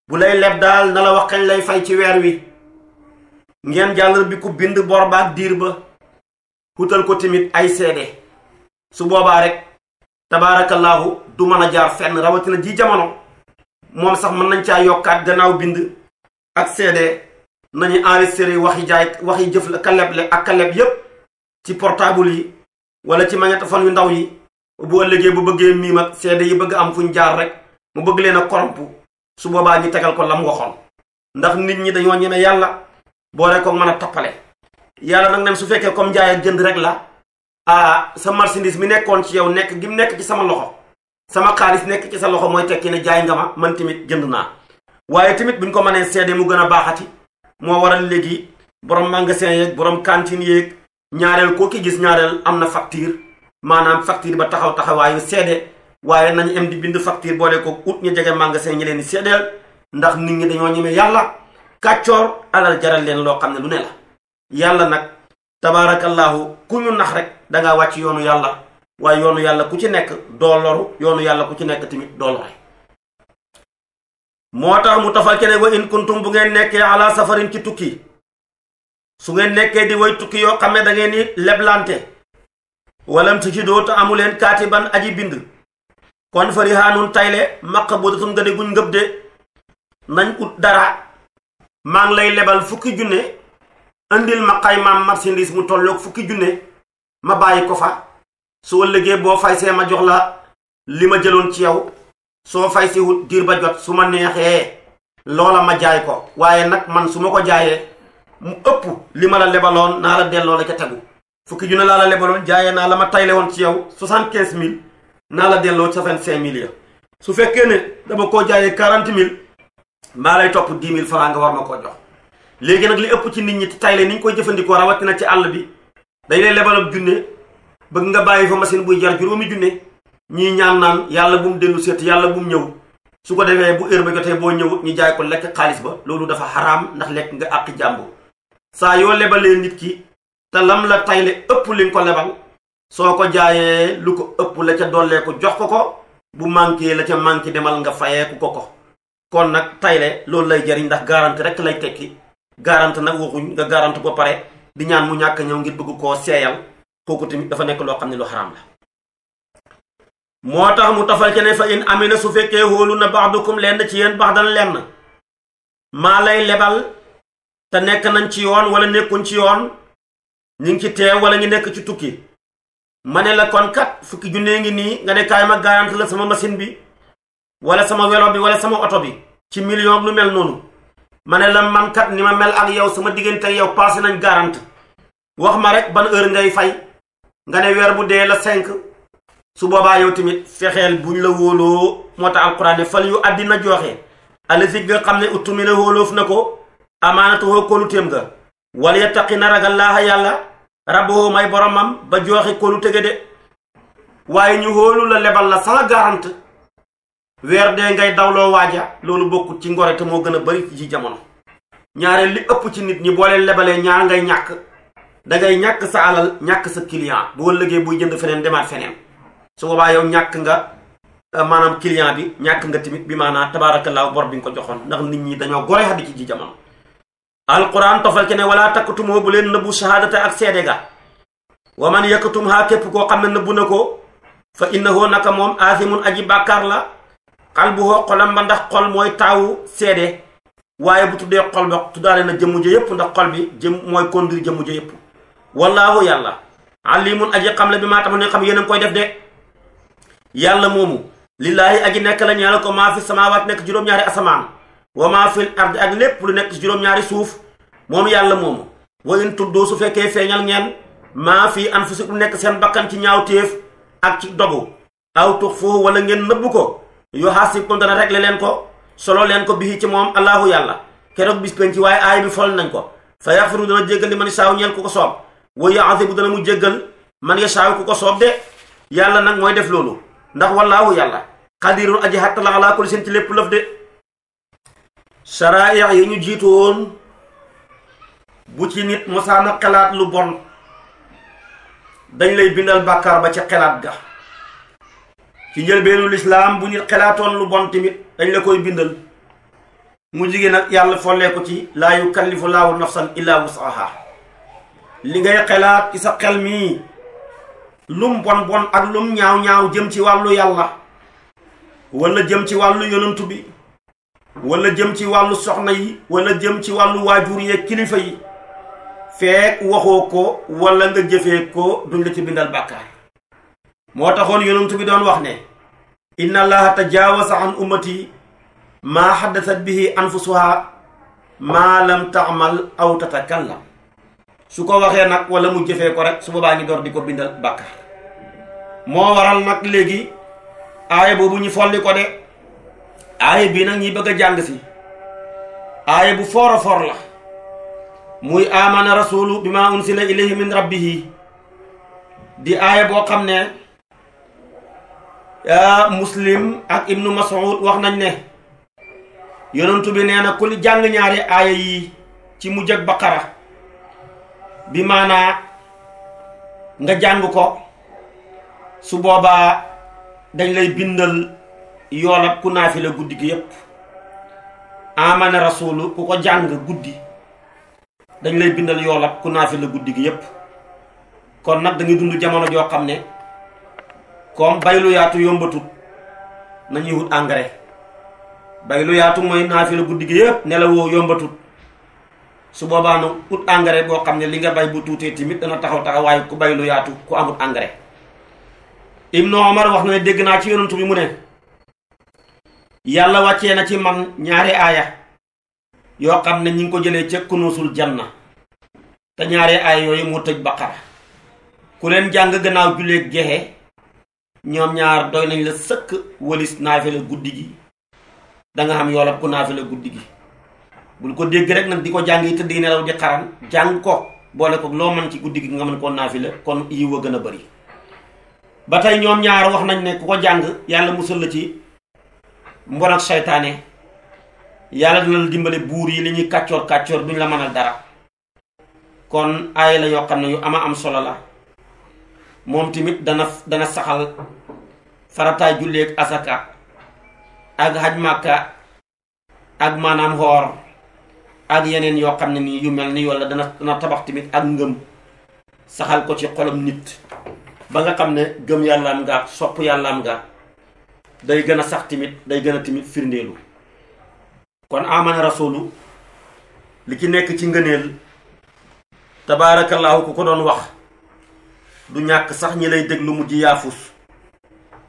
bu lay leb daal na wax kañ lay fay ci weer wi ngeen jàllar bi ku bind bor diir ba xutal ko tamit ay seede su boobaa rek tabaarakallaahu du mën a jaar fenn rawatina ji jamono moom sax mën nañ caa yokkaat gannaaw bind ak seede nañu wax waxi jaay waxi jëf la kaleb ak kaleb yépp ci portable yi wala ci magnétophone yu ndaw yi bu ëllëgee bu bëggee miim ak seede yi bëgg am fuñ jaar rek mu bëgg leen a korompu su boobaa ñu tegal ko lam waxoon ndax nit ñi dañoo ñeme yàlla boo ko mën a tappale yàlla nag nen su fekkee comme jaay ak jënd rek la ah sa marchandise mi nekkoon ci yow nekk gi mu nekk ci sama loxo sama xaalis nekk ci sa loxo mooy tekki ne jaay nga ma man tamit jënd naa waaye bu ñu ko mënee seedee mu gën a baaxati moo waral léegi borom magasin yeeg borom cantine yeeg ñaareel koo ki gis ñaareel am na facture maanaam facture ba taxaw taxawaayu seede waaye nañ am di bind facture boole ko ut ñu jege magasin ñi leen di seddeel ndax nit ñi dañoo ñemee yàlla kàccoor alal jaral leen loo xam ne lu ne la yàlla nag tabaarakallaahu ku ñu nax rek dangaa wàcc yoonu yàlla waaye yoonu yàlla ku ci nekk doo yoonu yàlla ku ci nekk tamit doo moo tax mu tafal keneen wa in kuntum bu ngeen nekkee ala safarin ci tukki su ngeen nekkee di way tukki yoo xam ne dangeen di leblante walam tajidoo te amu leen kaatiban aji bind kon fa rihaanun tayle maqbudatun nga de guñ ngëb de nañ ut dara maa ngi lay lebal fukki junne indil ma xaymaam marchandise mu tollook fukki junne ma bàyyi ko fa soo liggéey boo fay see ma jox la li ma jëloon ci yow soo fay si wut diir ba jot su ma neexee loola ma jaay ko waaye nag man su ma ko jaayee mu ëpp li ma la lebaloon naa la delloo la ca tegu fukki junne laa la lebaloon jaayee naa la ma tayle woon ci yow soixante-quinze mille naa la delloo sa vingt cinq mille ya su fekkee ne dama koo jaayee quarante mille maa lay topp dii mille francs nga war ma koo jox léegi nag li ëpp ci nit ñi tay la ni ñu koy jëfandikoo rawatina ci àll bi dañ lay lebalab junne bëgg nga bàyyi fa machine buy jar juróomi junne ñii ñaan naan yàlla bu mu dellu seet yàlla bu mu ñëw su ko defee bu heure ba jotee boo ñëwut ñu jaay ko lekk xaalis ba loolu dafa xaraam ndax lekk nga àq jàmbur saa yoo lebalee nit ki te lam la tayle ëpp li nga soo ko jaayee lu ko ëpp la ca dolleeku jox ko ko bu manqué la ca manqué demal nga fayeeku ko ko kon nag tayle loolu lay jariñ ndax garanti rek lay tekki garanti nag waxuñ nga garanti ba pare di ñaan mu ñàkk ñëw ngir bëgg ko seeyal kooku tamit dafa nekk loo xam ne lu xaraam la moo tax mu tafal ca ne fa in amina su fekkee hóolu na baax ba'dukum lenn ci yéen ba'dan lenn maa lay lebal te nekk nañ ci yoon wala nekkuñ ci yoon ñu ngi ci teew wala ñu nekk ci tukki ma ne la kon kat fukki junne ngi nii nga ne ma garanti la sama machine bi wala sama welo bi wala sama oto bi ci million lu mel noonu ma ne la man kat ni ma mel ak yow sama diggante ak yow passé nañ garanti wax ma rek ban heure ngay fay nga ne weer bu dee la cinq su boobaa yow tamit fexeel buñ la wóoloo moo tax alquran ne fal yu àddina joxe alasi nga xam ne utumi la wóoloof na ko amaanatu xoo kóoluteem ga wala yattaqi na ragal laaxa yàlla raboo may boromam ba jooxe kóolu tëge de waaye ñu hóolu la lebal la sans garante weer dee ngay dawloo waaja loolu bokkut ci ngore te moo gën a bari ci jamono ñaareel li ëpp ci nit ñi boo lebalee ñaar ngay ñàkk dangay ñàkk sa alal ñàkk sa client boo wëllëgee buy jënd feneen demaat feneen su boobaa yow ñàkk nga euh, maanaam client bi ñàkk nga tamit bi maanaam tabaarakallaahu bor bi ñu ko joxoon ndax nit ñi dañoo gore xaddi ci ji jamono alquran tofal ci ne wala takkatumoo bu leen nëbbu shahadata ak seede ga wa man yakkatum haa képp koo xam ne nëbbu na ko fa innahu naka moom aasimun aji bàkkaar la xal bu hoo xolam ba ndax xol mooy taawu seede waaye bu tuddee xol ba tuddaale na jëmm ja yépp ndax xol bi jëm mooy conduire jëmm ja yépp wallaahu yàlla alimun aji xam la bi maa tax ne xam yéen a ngi koy def de yàlla moomu lillaahi aji nekk la ñaala ko maa fi samaawaat nekk juróom-ñaari asamaan wa maa fil ardi ak lépp lu nekk ci juróom-ñaari suuf moom yàlla moomu wa in tuddu su fekkee feeñal ngeen maa fii anfusikum nekk seen bakkan ci ñaaw ñaawteef ak ci dogu aw tuxfuhu wala ngeen nëbbu ko yuhaasibkum dana regle leen ko solo leen ko bihi ci moom allahu yàlla keroog bis penc waaye aay bi fol nañ ko fa yaxfiru dana jéggal li man yasaaw ñeel ku ko soob wa yaasibu dana mu jéggal man yasaaw ku ko soob de yàlla nag mooy def loolu ndax wallaahu yàlla xadirun aji xattala alaa kulli seen ci lépp lëf de saraayax yi ñu jiitu woon bu ci nit mosaana xelaat lu bon dañ lay bindal bàkkaar ba ca xelaat ga ci njëlbeenu lislaam bu nit xelaatoon lu bon tamit dañ la koy bindal mu jigéen nag yàlla follee ci laa yukallifu laahu nafsan illaa wusaha li ngay xelaat ci sa xel mii lum bon bon ak lum ñaaw ñaaw jëm ci wàllu yàlla wala jëm ci wàllu yonantu bi wala jëm ci wàllu soxna yi walla jëm ci wàllu waajur yeeg kilifa yi feek waxoo ko wala nga jëfee ko duñ la ci bindal bàkkaar moo taxoon yonent bi doon wax ne inna allaha tajaawasa an ummati maa xaddasat bihi anfusuha maa lam taxmal aw tatakallam su ko waxee nag wala mu jëfe ko rek su boobaa ngi door di ko bindal bàkkaar moo waral nag léegi aaya boobu ñu folli ko de aaya bii nag ñi bëgg a jàng si aaya bu foor foor la muy amana rasulu bi ma unsila ilayhi min rabbihi di aaya boo xam ne muslim ak ibnu mas'ud wax nañ ne yonentu bi nee ku jàng ñaari aaya yi ci mu ak baqara bi maanaa nga jàng ko su boobaa dañ lay bindal yoolab ku naafila guddi gi yépp amana rasulu ku ko jàng guddi dañ lay bindal yoolab ku la guddi gi yépp kon nag da dund jamono joo xam ne comme baylu yaatu yombatut nañuy wut engrais baylu yaatu mooy naafila guddi gi yépp nelawoo yombatut su boobaa nag ut engrais boo xam ne li nga bay bu tuutee tamit dana taxaw taxawaayu ku baylu yaatu ku amut engrais noo Omar wax na ne dégg naa ci yonantu bi mu ne yàlla wàccee na ci man ñaari aaya yoo xam ne ñi ngi ko jëlee ca kunuusul na te ñaari aaya yooyu moo tëj baqara ku leen jàng gannaaw julleeg gexe ñoom ñaar doy nañ la sëkk walis naafila guddi gi danga xam yoolab ku naafila guddi gi bul ko dégg rek nag di ko jàng yi tëdd yi nelaw di xaran jàng ko boole ko loo mën ci guddi gi nga mën koo naafila kon yiw a gën a bari ba tey ñoom ñaar wax nañ ne ku ko jàng yàlla musal la ci mbon seytaane yàlla dina la dimbale buur yi li ñuy kàccoor kàccoor duñ la mënal dara kon aaya yoo xam ne yu ama am solo la moom tamit dana dana saxal farataay julleeg asaka ak haj màkka ak maanaam xoor ak yeneen yoo xam ne nii yu mel ni walla dana dana tabax tamit ak ngëm saxal ko ci xolam nit ba nga xam ne gëm yàllaam nga sopp yàllaam nga day gën a sax timit day gën a timit firndeelu kon amana rasulu li ci nekk ci ngëneel tabaarakallaahu ku ko doon wax du ñàkk sax ñi lay lu mujj yaafus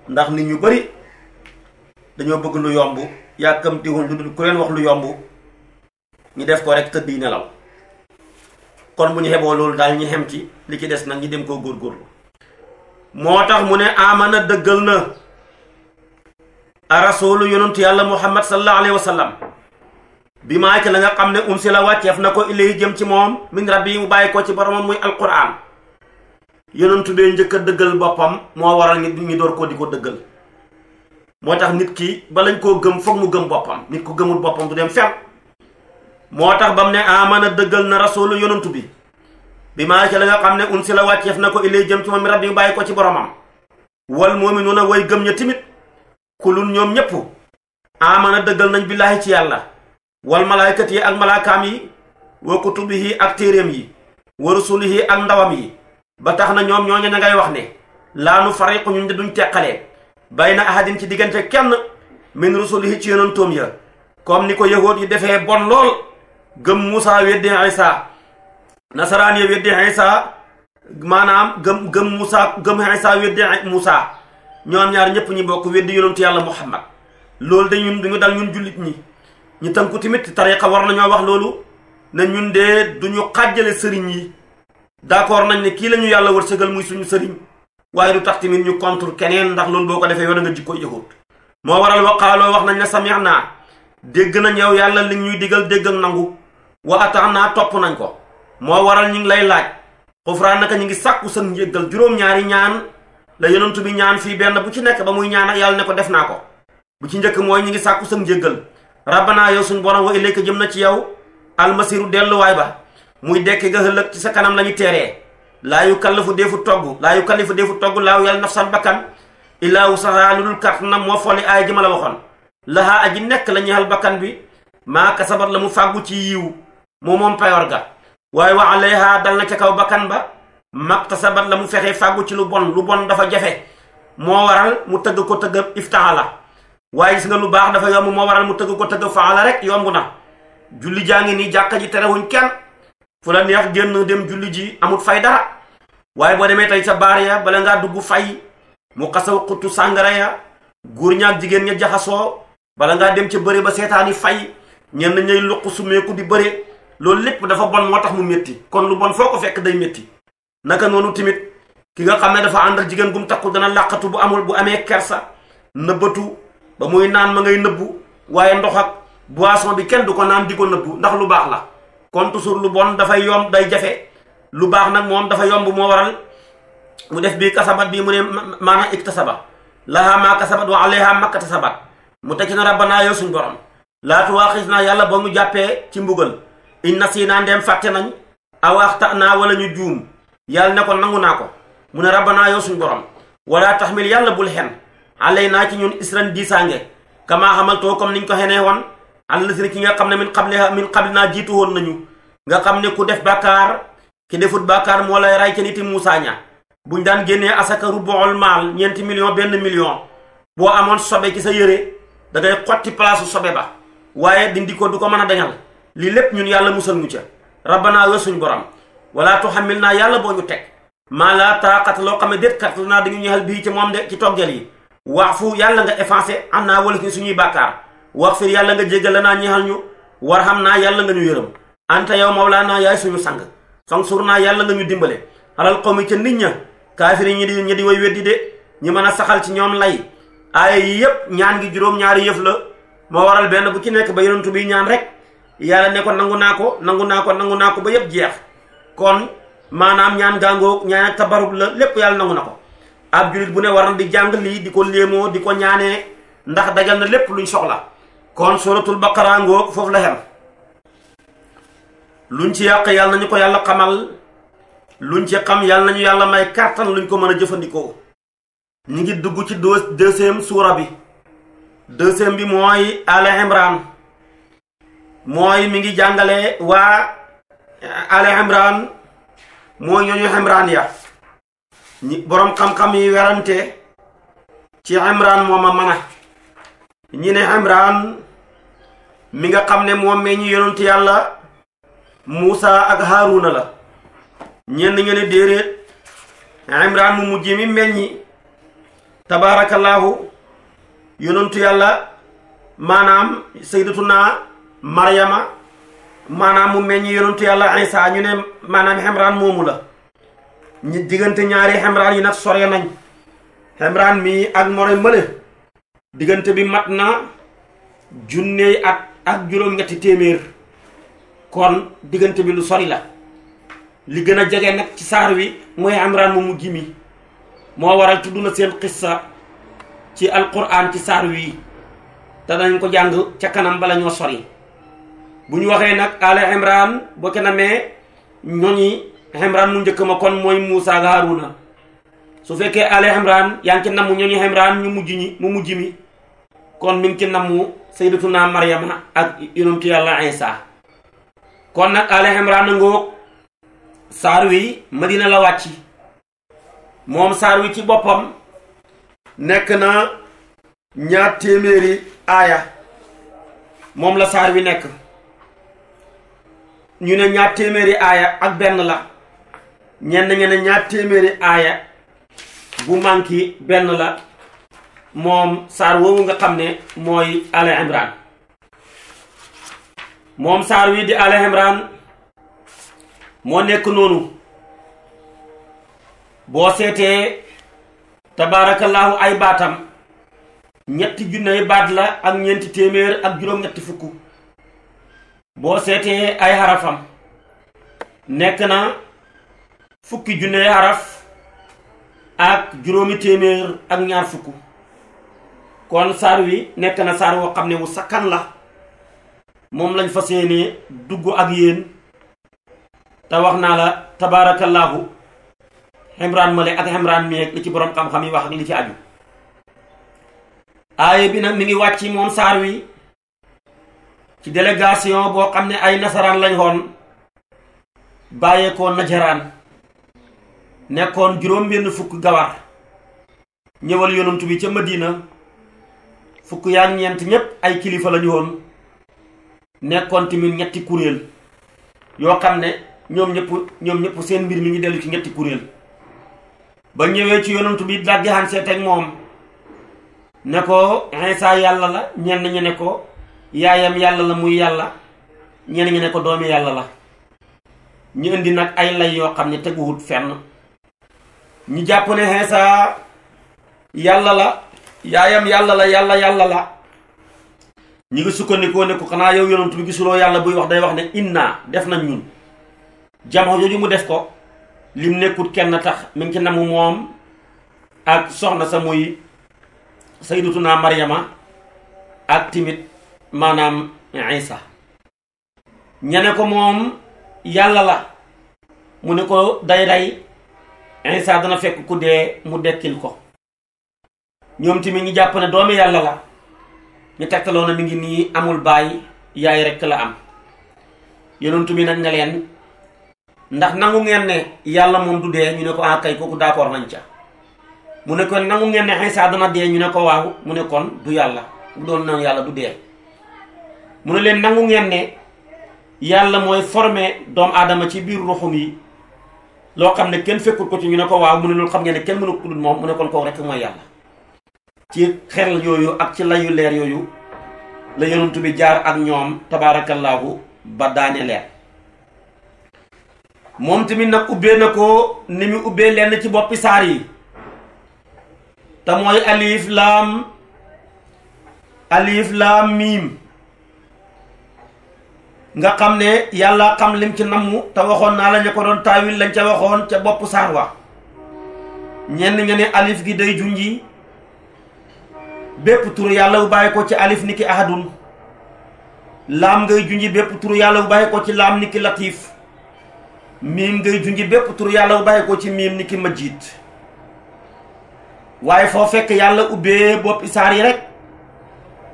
ndax nit ñu bari dañoo bëgg lu yomb yàkkamtiwuñ lu dul ku leen wax lu yomb ñu def ko rek tëdd yi nelaw kon mu ñu xeboo loolu daal ñu xem ci li ci des nag ñu dem koo góorgóorlu moo tax mu ne amana dëggal na arasulu yonentu yàlla muhammad sallallahu alayhi wa sallam bi ma ci la nga xam ne um la wàcceef na ko ilay jëm ci moom min rabbi yi mu bàyyi ko ci boromam muy alquran yonentu bee njëkk a dëggal boppam moo waral nit ñi door koo di ko dëggal moo tax nit ki ba lañ koo gëm foog mu gëm boppam nit ku gëmul boppam du dem fenn tax bam ne amana dëggal na rasulu yonentu bi bi maa la nga xam ne unsila um wàcceef na ko jëm ci moom mi rabbi yi mu ci boromam wal mu'minuna gëm ña timit kulun ñoom ñépp amana dëggal nañ billaahi ci yàlla wal malaayikat yi ak malaakaam yi wa kutubihi ak téeréem yi wa rusulihi ak ndawam yi ba tax na ñoom ñooñu na ngay wax ne laanu fariqu ñun de duñ teqalee bay na ahadin ci diggante kenn min rusulihi ci yonantoom ya comme ni ko yahood yi defee bon lool gëm Muusa weddi Isa nasaraan ya weddi Isa maanaam gëm gëm Muusa gëm Isa weddi ñoom ñaar ñëpp ñi bokk weddi yonentu yàlla muhammad loolu de ñun duñu dal ñun jullit ñi ñu tënku tamit tariqa war nañoo wax loolu ne ñun de du ñu xàjjale sëriñ yi d'accord nañ ne kii la ñu yàlla wërsëgal muy suñu sëriñ waaye du tax tamit ñu contre keneen ndax loolu boo ko defee war nga jikko yahut moo waral waqaaloo wax nañ ne samir naa dégg nañ yow yàlla li ñuy digal dégg ak nangu wa atax naa topp nañ ko moo waral ñu ngi lay laaj xufraan naka ñu ngi sàkku sa njéggal juróom-ñaari ñaan la yonent bi ñaan fii benn bu ci nekk ba muy ñaan ak ko def naa bu ci njëkk mooy ñu ngi sàkku sam njéggal rabbana yow suñu borom wa ilayka jëm na ci yow almasiru delluwaay ba muy dekk ga ëllëg ci sa kanam la teeree laa yu kallafu deefu togg laa yu kallafu deefu togg laaw yàlla nafsan bakkan illaa wusahaa lu dul na moo folli aay ji ma la waxoon lahaa aji nekk la ñeexal bakkan bi maa kasabat la mu fàggu ci yiw moo moom payoor ga waaye wa alayha dal na ca kaw bakkan ba maqtasabat la mu fexee fàggu ci lu bon lu bon dafa jafe moo waral mu tëgg ko tëgg iftaala waaye gis nga lu baax dafa yomb moo waral mu tëgg ko tëgg faala rek yomb na julli jaa ngi nii jàkka ji terewuñ kenn fu la neex génn dem julli ji amut fay dara waaye boo demee tey sa baar ya bala ngaa dugg fay mu xasaw xuttu sàngara ya góor ñaan jigéen ña jaxasoo bala ngaa dem ca bëre ba seetaani fay ñenn ñay luq sumeeku di bëre loolu lépp dafa bon moo tax mu métti kon lu naka noonu tamit ki nga xam ne dafa àndal jigéen bu mu takku dana làqatu bu amul bu amee kersa nëbbatu ba muy naan ma ngay nëbbu waaye ndox ak boisson bi kenn du ko naan di ko nëbbu ndax lu baax la kon toujours lu bon dafay yomb day jafe lu baax nag moom dafa yomb moo waral mu def bii kasabat bii mu ne maanaam iktasaba lahaa maa kasabat wa alayhaa maktasabat mu teg ci na rabbanaa naa suñ borom laa tuwaaxis naa yàlla boo mu jàppee ci mbugal iñ na sii fàtte nañ aw axta yàlla ne ko nangu naa ko mu ne rabbanaa yow suñu borom tax mil yàlla bul xen alay naa ci ñun isran diisaange kamaa xamaltoo comme niñ ko xenee woon àllasina ki nga xam ne min xable min xable naa jiitu woon nañu nga xam ne ku def bàkkaar ki defut bàkkaar moo lay ray ca niti Muusaa daan génnee asaka rubool maal ñeenti million benn million boo amoon sobe ci sa yére da ngay xotti palaasu sobe ba waaye dindi ko du ko mën a dañal lii lépp ñun yàlla musal mu ca rabbanaa yow suñu borom wala tuhammil naa yàlla boo ñu teg maa laa taaqata loo xam ne déet kattu naa dañu ñëxal bii ci moom de ci toggal yi wax fu yàlla nga effacé am naa wala suñuy bàkkaar wax fir yàlla nga jéggal naa ñëxal ñu war warham naa yàlla nga ñu yërëm anta yow moom laa mawlaana yaay suñu sang fansur naa yàlla nga ñu dimbale alal qawmi ca nit ña kaafiri ñi di ñi di way weddi de ñi mën a saxal ci ñoom lay aaya yi yépp ñaan ngi juróom-ñaari yëf la moo waral benn bu ci nekk ba yonentu bi ñaan rek yàlla ne nangu naa ko nangu naa ko nangu naa ko ba jeex kon maanaam ñaan gàngoog ñaan ak la lépp yàlla nangu na ko ab julit bu ne war na di jàng lii di ko léemoo di ko ñaanee ndax dagal na lépp luñ soxla kon suratul baqara ngoog foofu la luñ ci yàq yàlla ñu ko yàlla xamal luñ ci xam yàlla nañu yàlla may kàttan luñ ko mën a jëfandikoo ñu ngi dugg ci deuxième suura bi deuxième bi mooy Al Imran mooy mi ngi jàngale waa ale Imran mooy ñooñu Imran ya ñi boroom xam-xam yi werante ci Imran mooma mën a ñi ne Imran mi nga xam ne moom meññi yonent yàlla Muusa ak Haaruna la ñenn ngeen déeréet Imran mu mujj mi meññi tabaarakallaahu yonentu yàlla maanaam sayyidatuna Maryama maanaam mu meññ yonentu yàlla Isa ñu ne maanaam Imraan moomu la ñi diggante ñaari Imraan yi nag sore nañ Imraan mii ak moroy mële diggante bi mat na junney at ak juróom-ñetti téeméer kon diggante bi lu sori la li gën a jege nag ci saar wi mooy Imraan moomu gimi moo waral tudd na seen xissa ci alquran ci saar wi te dañ ko jàng ca kanam bala ñoo sori bu ñu waxee nag ala imran boo ko namee ñooñi imran mu njëkk ma kon mooy Muusa ak Haaruna su fekkee ala imran yaa ngi ci namm ñooñi imran mujj ñi mu mujj mi kon mi ngi ci nammu sayyidatuna Maryama ak yonentu yàlla Isa kon nag ala imran na ngoog saar wi Madina la wàcc moom saar wi ci boppam nekk na ñaar téeméeri aaya moom la saar wi nekk ñu ne ñaar téeméeri aaya ak benn la ñenn ñe ne ñaar téeméeri aaya bu manqué benn la moom saar woowu nga xam ne mooy Al moom saar wi di Al moo nekk noonu boo seetee tabaarakallaahu ay baatam ñetti junney baat la ak ñeenti téeméer ak juróom-ñetti fukk boo seetee ay xarafam nekk na fukki junne xaraf ak juróomi téeméer ak ñaar fukk kon saar wi nekk na saar woo xam ne wu sakkan la moom lañ fas yéene dugg ak yéen te wax naa la tabaarakallaahu xemraan male ak xemraan meeg li ci boroom xam-xam yi wax ak li ci aju aaye bi nag mi ngi wàcc moom saar wi ci délégation boo xam ne ay nasaraan lañ woon bàyyeekoo najaraan nekkoon juróom-benn fukk gawar ñëwal yonantu bi ca Madina fukk yaa ñeent ñépp ay kilifa lañu woon nekkoon tamit ñetti kuréel yoo xam ne ñoom ñëpp ñoom ñëpp seen mbir mi ngi dellu ci ñetti kuréel ba ñëwee ci yonantu bi daggi xansee teg moom ne ko yàlla la ñenn ñi ne ko yaayam yàlla la muy yàlla ñeneen ñi ne ko doomi yàlla la ñu indi nag ay lay yoo xam ne teguwut fenn ñu jàpp ne xeesa yàlla la yaayam yàlla la yàlla yàlla la ñu ngi sukkandikoo ne ko xanaa yow yonent gisuloo yàlla buy wax day wax ne inna def na ñun jamono jooju mu def ko lim nekkut kenn tax mi ngi ci namu moom ak soxna sa muy sayyidatuna Maryama ak timit maanaam isa ña ne ko moom yàlla la mu ne ko day rey isa dana fekk ku dee mu dekkil ko ñoom tamit ñu jàpp ne doomi yàlla la ñu tegtaloo na mi ngi nii amul baay yaay rekk la am yonentu bi nag ne leen ndax nangu ngeen ne yàlla moom du dee ñu ne ko ah kooku d'accord nañ ca mu ne kon nangu ngeen ne Isaa dana dee ñu ne ko waaw mu ne kon du yàlla bu doon na yàlla du dee mu ne leen nangu ngeen ne yàlla mooy formé doomu aadama ci biir ruxum yi loo xam ne kenn fekkul ko ci ñu ne ko waaw mu ne loolu xam ngeen ne kenn mënu ko dul moom mu ne kon kooku rek mooy yàlla ci xel yooyu ak ci layu leer yooyu la yonent bi jaar ak ñoom tabaarakallaahu ba daane leer moom tamit nag ubbee na ko ni mu ubbee lenn ci boppi saar yi te mooy alif laam alif laam miim nga xam ne yàlla xam lim ci namm te waxoon naa la ñu ko doon taawil lañ ca waxoon ca bopp saar wa ñenn nga ne alif gi day junji bépp tur yàlla bu bàyyi ko ci alif ni ki ahadun laam ngay junji bépp tur yàlla bu bàyyi ko ci laam ni ki latif miim ngay junji bépp tur yàlla ko ci miim ni ki majid waaye foo fekk yàlla ubbee boppi saar yi rek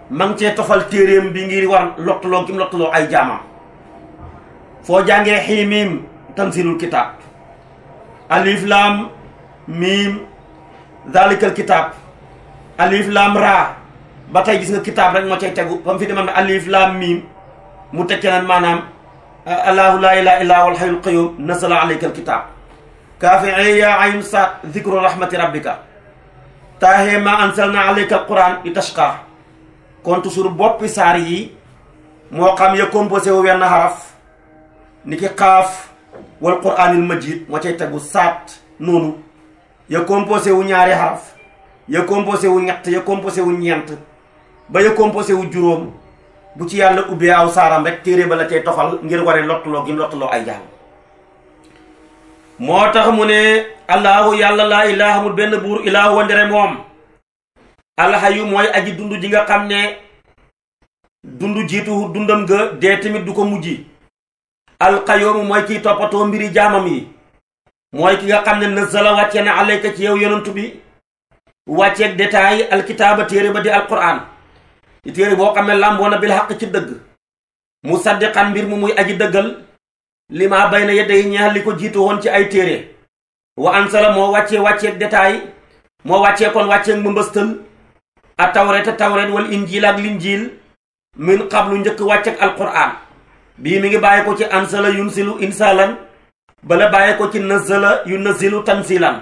ma ngi cee tofal téeréem bi ngir war lottuloo gim lottuloo ay jaamam foo jàngee xiimim tanzilul kitaab alif lam mim dalikal kitaab alif lam ra ba tey gis nga kitaab rek moo cay tegu ba mu fi demal ne alif lam mim mu tekki naan maanaam allahu laa ilaha illa huwal hayyul qayyum nazala alaykal kitaab kaafi ya ayn sa zikru rahmati rabbika taahee ma anzalna alaykal quran li tashqa kon toujours boppi saar yi moo xam ya composé wu wenn xaraf ni ki xaaf wal quraanil majid moo cay tegu saat noonu ya composé wu ñaari xaraf ya composé wu ñett ya composé wu ñeent ba ya composé wu juróom bu ci yàlla ubbee aw saaram rek téere ba la cay toxal ngir waree lottuloo gi lottuloo ay jàng moo tax mu ne allahu yàlla laa ilaha benn buur ilaahu wandere moom alxayu mooy aji dund ji nga xam ne dund jiitu dundam nga dee tamit du ko mujj alqayoomu mooy kiy toppatoo mbiri jaamam yi mooy ki nga xam ne nazala wàcce na alayka ci yow yonantu bi wàcceeg détail alkitaaba téere ba di alquraan téere boo xam ne làmboo na xaq ci dëgg mu saddiqan mbir mu muy aji dëggal li maa bay na yedde yi ñeex li ko jiitu woon ci ay téere wa ansala moo wàccee wàcceeg détail moo wàccee kon wàcceeg mbëmbëstël a tawret tawret wal injiil ak linjiil min qablu njëkk wàcceeg alquraan bii mi ngi bàyyi ko ci ansala yunsilu insalan bala bàyyi ko ci nasala yu nasilu tansilan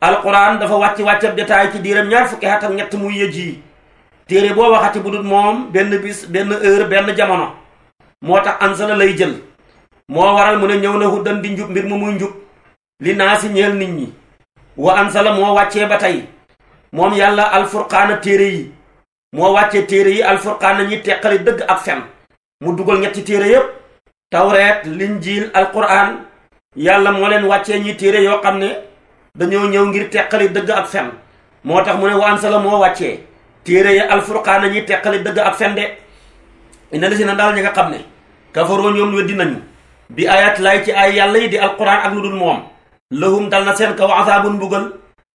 alquran dafa wàcc wàccab détaay ci diiram ñaar fukki at ñett muy yëj yi téere boo waxati bu dul moom benn bis benn heure benn jamono moo tax ansala lay jël moo waral mu ne ñëw na huddan di njub mbir mu muy njub li naa si ñeel nit ñi wa ansala moo wàccee ba tey moom yàlla alfurqaana téere yi moo wàccee téere yi alfurqaana ñi teqali dëgg ak fen mu dugal ñetti téere yépp tawreet linjiil alquran yàlla moo leen wàccee ñi téere yoo xam ne dañoo ñëw ngir teqali dëgg ak fen moo tax mu ne wa ansala moo wàccee téere yi alfurqaan ñuy teqali dëgg ak fen de ina na daal ñi nga xam ne kafaroo ñoom weddi nañu bi ayat lay ci ay yàlla yi di alquran ak lu dul moom lahum dal na seen kaw azaabun mbugal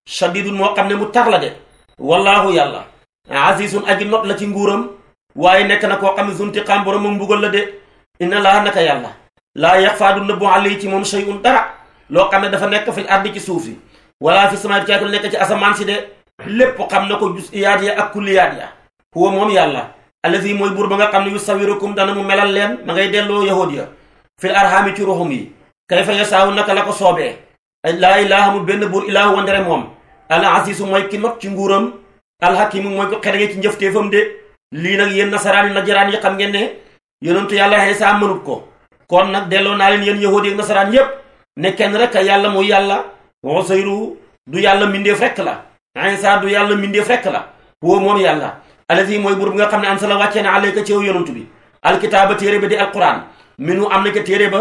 shadidun moo xam ne mu tar la de wallaahu yàlla azizun aji not la ci nguuram waaye nekk na koo xam ne zuntiqaam borom ak mbugal la de inna laa naka yàlla laa yaxfaa du nëbbu alayhi ci moom shay'un dara loo xam ne dafa nekk fi ardi ci suuf si wala fi sama caatu nekk ci asamaan si de lépp xam na ko jusiyaat ya ak kulliyaat ya huwa moom yàlla allazi mooy buur ba nga xam ne yu sawirukum dana mu melal leen ma ngay delloo yahuud ya fil arhaami ci ruxum yi kayfa yasaawu naka la ko soobee laa ilaaha mu benn buur ilaahu wa ndere moom al asiisu mooy ki not ci nguuram alxakimu mooy ko xere ci njëfteefam de lii nag yéen nasaraan yi najjaraan yi xam ngeen ne yonentu yàlla Iisaa mënut ko kon nag delloo naa leen yéen yahuudi ak nasaraan yépp ne kenn rek a yàlla muy yàlla Usayru du yàlla mbindeef rekk la Iisaa du yàlla mbindeef rekk la woo moom yàlla alazi mooy buur bi nga xam ne anzala wàccee na alayka ci yow yonentu bi alkitaaba téere ba di alquran minu am na ca téere ba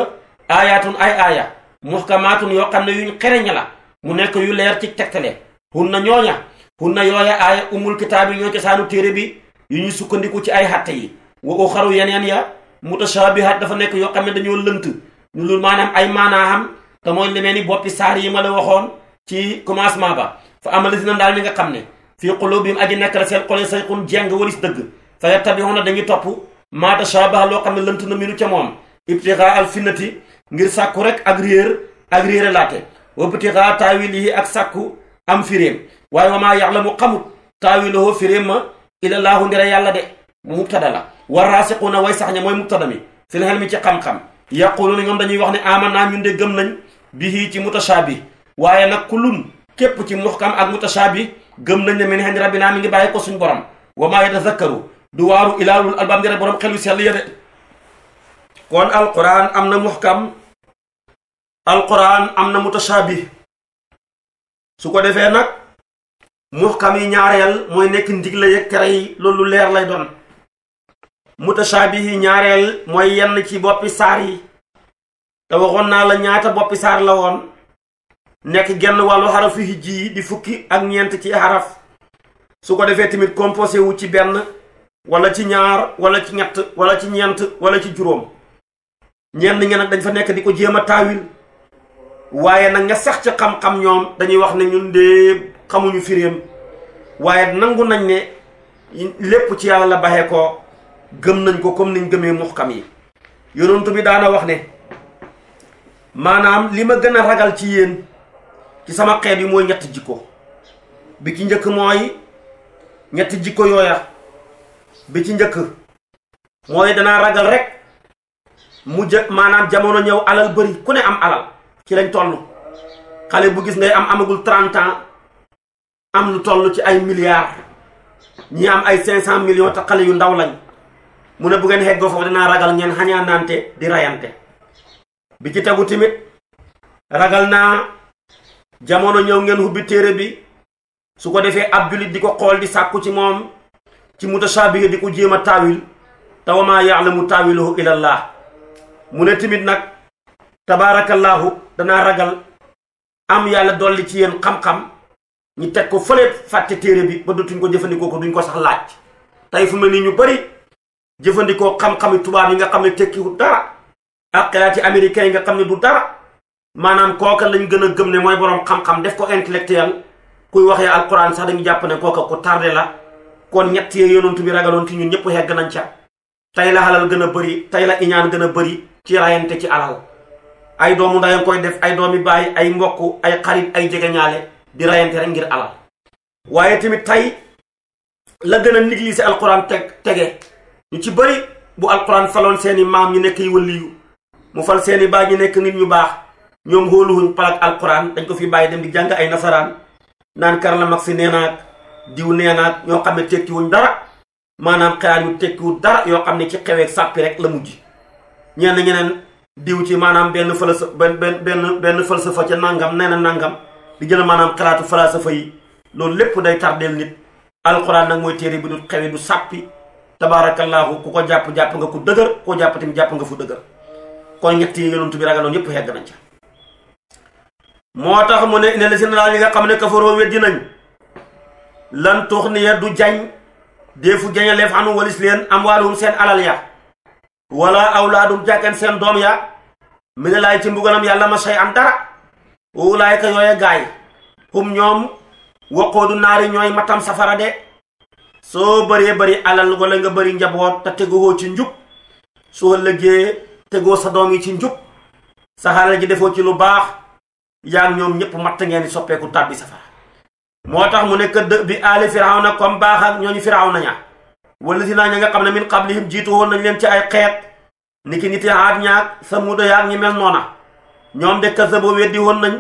aayaatun ay aaya muhkamaatun yoo xam ne yuñ xereñ la mu nekk yu leer ci tegtale hun na ñooña hun na yooya téere bi yu ñu sukkandiku ci ay xatte yi wa uxaru yeneen ya mutashabihat dafa nekk yoo xam ne dañoo lënt ñu lu maanaam ay maanaam te mooy li mel ni boppi saar yi ma la waxoon ci commencement ba fa amalasi na daal mi nga xam ne fii qulubihim aji nekk la seen xol sayqun jeng waris dëgg fa yattabi'una dañuy topp ma tashabaha loo xam ne lënt na minu ca moom ibtigaa al finnati ngir sàkku rek ak réer ak réere laate wa ibtigaa taawilihi ak sàkku am firéem waaye wa maa ya'lamu xamut taawilahu ma ilallaahu ndira yàlla de mubtada la wa raasiquuna way sax ña mooy mubtada mi fil ilmi ci xam-xam yaquluuna ñoom dañuy wax ne amanaa ñun de gëm nañ bihi ci mutashaabih waaye nag kullun képp ci muhkam ak mutashaabih gëm nañ ne min indi rabbinaa mi ngi bàyyi ko suñ borom wa maa yatazakkaru du waaru ilaalul albaab ndira borom xelu sell ya de kon alquran am na muhkam alquran am na mutashaabih su ko defee nag muhkam yi ñaareel mooy nekk ndigle yeeg tere yi loolu leer lay doon mutashaabih yi ñaareel mooy yenn ci boppi saar yi te waxoon naa la ñaata boppi saar la woon nekk genn wàllu xarafu hijj yi di fukki ak ñeent ci xaraf su ko defee tamit composé wu ci benn wala ci ñaar wala ci ñett wala ci ñeent wala ci juróom ñenn ñi nag dañ fa nekk di ko jéem a taawil waaye nag nga sax ci xam-xam ñoom dañuy wax ne ñun xamuñu firéem waaye nangu nañ ne lépp ci yàlla la baxee ko gëm nañ ko comme niñ gëmee muxkam yi yonent bi daana wax ne maanaam li ma gën a ragal ci yéen ci sama xeet yi mooy ñetti jikko bi ci njëkk mooy ñetti jikko yooya bi ci njëkk mooy danaa ragal rek mu jë maanaam jamono ñëw alal bëri ku ne am alal ci lañ toll xale bu gis ngay am amagul 30 am lu toll ci ay milliards ñi am ay cinq cent millions yu ndaw lañ mu ne bu ngeen xeggoo foofu danaa ragal ngeen xañaanaante di rayante bi ci tegu tamit ragal naa jamono ñëw ngeen hubbi téere bi su ko defee ab jullit di ko xool di sàkku ci moom ci mutashabihi di ko jéem a taawil tawamaa yaalamu taawiluhu ilallah mu ne tamit nag tabaarakallaahu dana ragal am yàlla dolli ci yéen xam-xam ñu teg ko fële fàtte téere bi ba dootuñ ko jëfandikoo ko duñ ko sax laaj tey fu mel ni ñu bëri jëfandikoo xam-xami tubaab yi nga xam ne tekkiwu dara ak xalaati américain yi nga xam ne du dara maanaam kooka lañ gën a gëm ne mooy boroom xam-xam def ko intellectuel kuy waxee alquran sax dañu jàpp ne kooka ku tardé la kon ñett yee yonantu bi ragaloon ci ñu ñëpp xegg nañ ca tey la xalal gën a bëri tey la iñaan gën a bëri ci rayante ci alal ay doomu ndayang koy def ay doomi bàyyi ay mbokk ay xarit ay jegeñaale di rayante rek ngir alal waaye tamit tey la gën a négliger alquran teg tege ñu ci bari bu alquran faloon seeni maam ñu nekk yi wëlliyu mu fal seeni baay ñu nekk nit ñu baax ñoom xóoluwuñ palak alquran dañ ko fi bàyyi dem di jàng ay nasaraan naan karla mag si neenaak diw neenaak ñoo xam ne tekkiwuñ dara maanaam xalaat yu tekkiwu dara yoo xam ne ci xeweeg sàppi rek la mujj ñenn ñeneen diw ci maanaam benn falsafa benn benn benn ca nangam nee nangam di jël maanaam xalaatu falaasafa yi loolu lépp day tardeel nit alxuraan nag mooy téere bi du xewe du sàppi tabaarakallaahu ku ko jàpp jàpp nga ku dëgër koo jàpp tamit jàpp nga fu dëgër kon ñett la seen daal yi nga xam ne kafaroo weddi nañ lan tuux ni ya du jañ deefu jañaleef anu walis leen am waalum seen alal ya wala awlaadum jàkkan seen doom ya mi ne laay ci mbugalam yàlla ma say am dara wulaayka yooye gaay hum ñoom waqoodu naari ñooy matam safara de soo bëree bëri alal wala nga bëri njaboot te teguwoo ci njub soo lëggee tegoo sa doom yi ci njub sa ji defoo ci lu baax yaa ngi ñoom ñëpp matt ngeen di soppeeku tàbbi safara moo tax mu nekk dë bi aali firawna comme baax ak ñooñu firawna ña wala si naa ña nga xam ne min qablihim jiitu woon nañ leen ci ay xeet niki nit yaat ñaak sa muudo yaak ñi mel noona ñoom de kazzaboo weddi woon nañ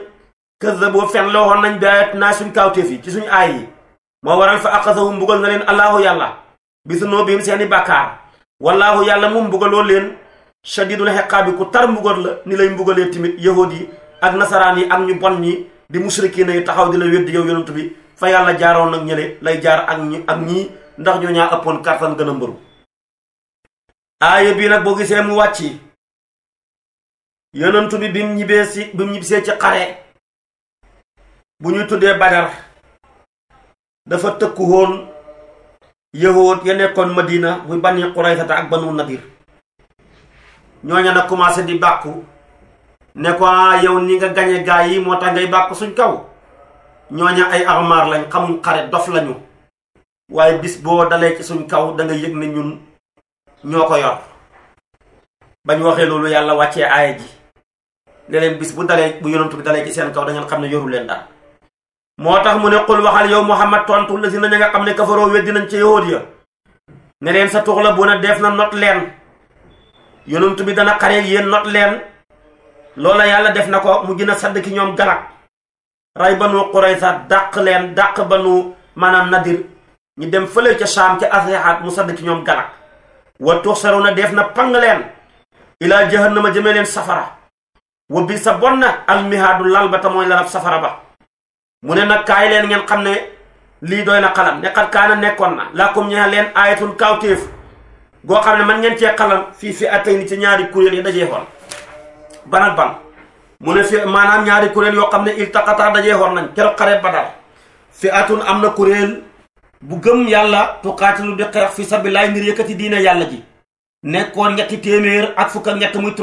kazzaboo fen loo woon nañ daayat naa suñ kawteef yi ci suñ aay yi moo waral fa aqasahum mbugal na leen allahu yàlla bisunoo biim seeni bàkkaar wallaahu yàlla mu mbugaloo leen shadidul xeqaabi ku tar mbugal la ni lay mbugalee tamit yahood yi ak nasaraan yi ak ñu bon ñi di musrikiina yu taxaw di la weddi yow yonent bi fa yàlla jaaroon nag ñële lay jaar ak ñi ak ñii ndax ñoo ñaa ëppoon kartan gën a mbëru aaya bii nag boo gisee mu wàcc yonantu bi bim ñibbee si bim ñibbisee ci xare bu ñu tuddee badar dafa tëkku woon yahood ya nekkoon madina muy bani quraysata ak banu nadir ñooña nag commencé di bàkku ne ko ah, yow ni nga gañe gaa yi moo tax ngay bàkku suñ kaw ñooña ay armaar lañ xamuñ xare dof lañu waaye bis boo dalee ci suñ kaw da nga yëg ne ñun ñoo ko yor bañ waxee loolu yàlla wàccee aaya ji ne leen bis bu dalee bu yonantu bi dalee ci seen kaw da xam ne yoru leen dara moo tax mu ne qul waxal yow muhammad tontu la si na ña nga xam ne kafaroo weddi nañ ca yahud ya ne leen sa tuxla bu a def na nott leen yonantu bi dana xaree yéen not leen loola yàlla def na ko mu gën a sadd ki ñoom galak ray banu quraysa dàq leen dàq ba banu maanaam nadir ñu dem fële ca saam ca asihaat mu sadd ki ñoom galak wa tuxsaru na def na pang leen ilaa jahannama jëmee leen safara wa bi sa bon na almihaadu lal ba te la lanab safara ba mu ne nag kaay leen ngeen xam ne lii doy na xalam ne xat nekkoon na laakum ñeex leen aayatun kawtéef goo xam ne man ngeen cee xalam fii fi atay ni ci ñaari kuréel yi dajee xoon ban ak ban mu ne fi maanaam ñaari kuréel yoo xam ne iltaqataa dajee xoon nañ keroog xare badar fi atun am na kuréel bu gëm yàlla tuqaatilu di xeex fi sabilillah ngir yëkkati diine yàlla ji nekkoon ñetti téeméer ak fukk ak ñett muy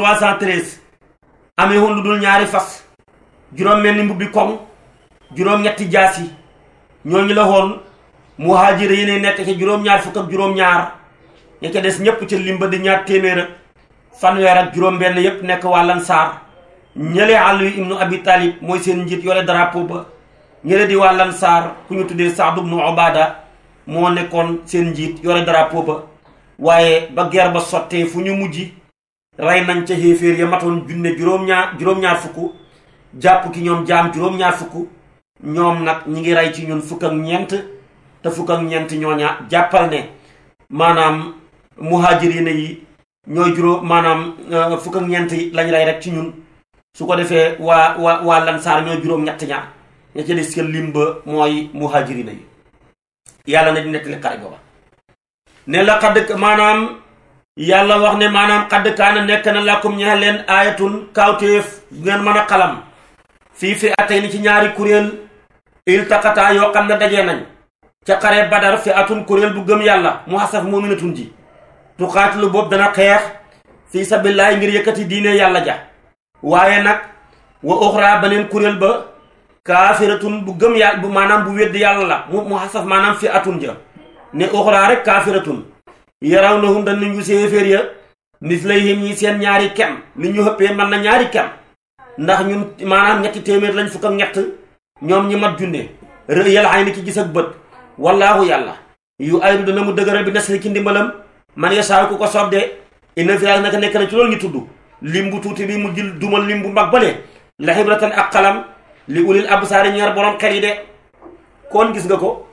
amee woon lu dul ñaari fas juróom mel ni mbubbi koŋ juróom ñetti jaas yi ñooñu la woon muhaajira yi ne nekk ca juróom-ñaar fukk ak juróom-ñaar ña ca des ñépp ca limba di ñaar téeméer ak fanweer ak juróom-benn yépp nekk waa lansaar ñële àll yu ibnu abi talib mooy seen njiit yore drapeau ba ñële di waa lansaar ku ñu tuddee saad ibnu obada moo nekkoon seen njiit yore drapeau ba waaye ba guerre ba sottee fu ñu mujj rey nañ ca xéeféer ya matoon junne juróom-ñaar ñaar fukk jàpp ki ñoom jaam juróom-ñaar fukk ñoom nag ñi ngi rey ci ñun fukk ak ñeent te fukk ak ñeent ñooña jàppal ne maanaam muhaajiriina yi ñooy juróom maanaam euh, fukk ak ñeent lañ rey rek ci ñun su ko defee waa waa waa lansaar ñooy juróom ñett ñaar ña ca des ca lim ba mooy muhaajiriina yi yàlla na di nettali xare booba ne la xadd maanaam yàlla wax ne maanaam xadd kaana nekk na làkkum ñeex leen aayatun kawtéef ngeen mën xalam fii fi atay ni ci ñaari kuréel iltaqataa yoo xam ne dajee nañ ca xare badar fi atun kuréel bu gëm yàlla mu xasaf moominatun ji tuxaatilu boobu dana xeex fii sabillaay ngir yëkkati diine yàlla ja waaye nag wa uxraa beneen kuréel ba kaafiratun bu gëm yàlla maanaam bu wedd yàlla la mu mu xasaf maanaam fi atun ja ne uxraa rek kaafiratun yaraw na hum dañ ñu gisee féer ya mislayhim ñi seen ñaari kem li ñu xëppee man na ñaari kem ndax ñun maanaam ñetti téeméer lañ fukk ak ñett ñoom ñi mat junne rë yàlla ay ni ci gis ak bët wallaahu yàlla yu aydu dana mu dëgëral bi nasri ci ndimbalam man yasaaw ku ko soob de inna fi naka nekk na ci loolu ñu tudd lim bu tuuti bi mu jël dumal lim bu mag bale la xibratan ak xalam li ulil absaari ñaar borom xel yi de kon gis nga ko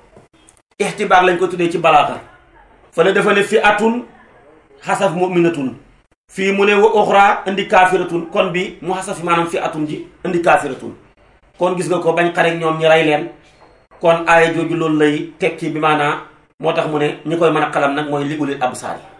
ixtibaar lañ ko tuddee ci balaaxa fële dafa ne fi atun xasaf minatul fii mu ne wa uxra indi kaafiratun kon bi mu xasaf maanaam fi atun ji indi kaafiratun kon gis nga ko bañ xarek ñoom ñi rey leen kon aaya jooju loolu lay tekki bi maanaa moo tax mu ne ñi koy mën a xalam nag mooy li ulil absaar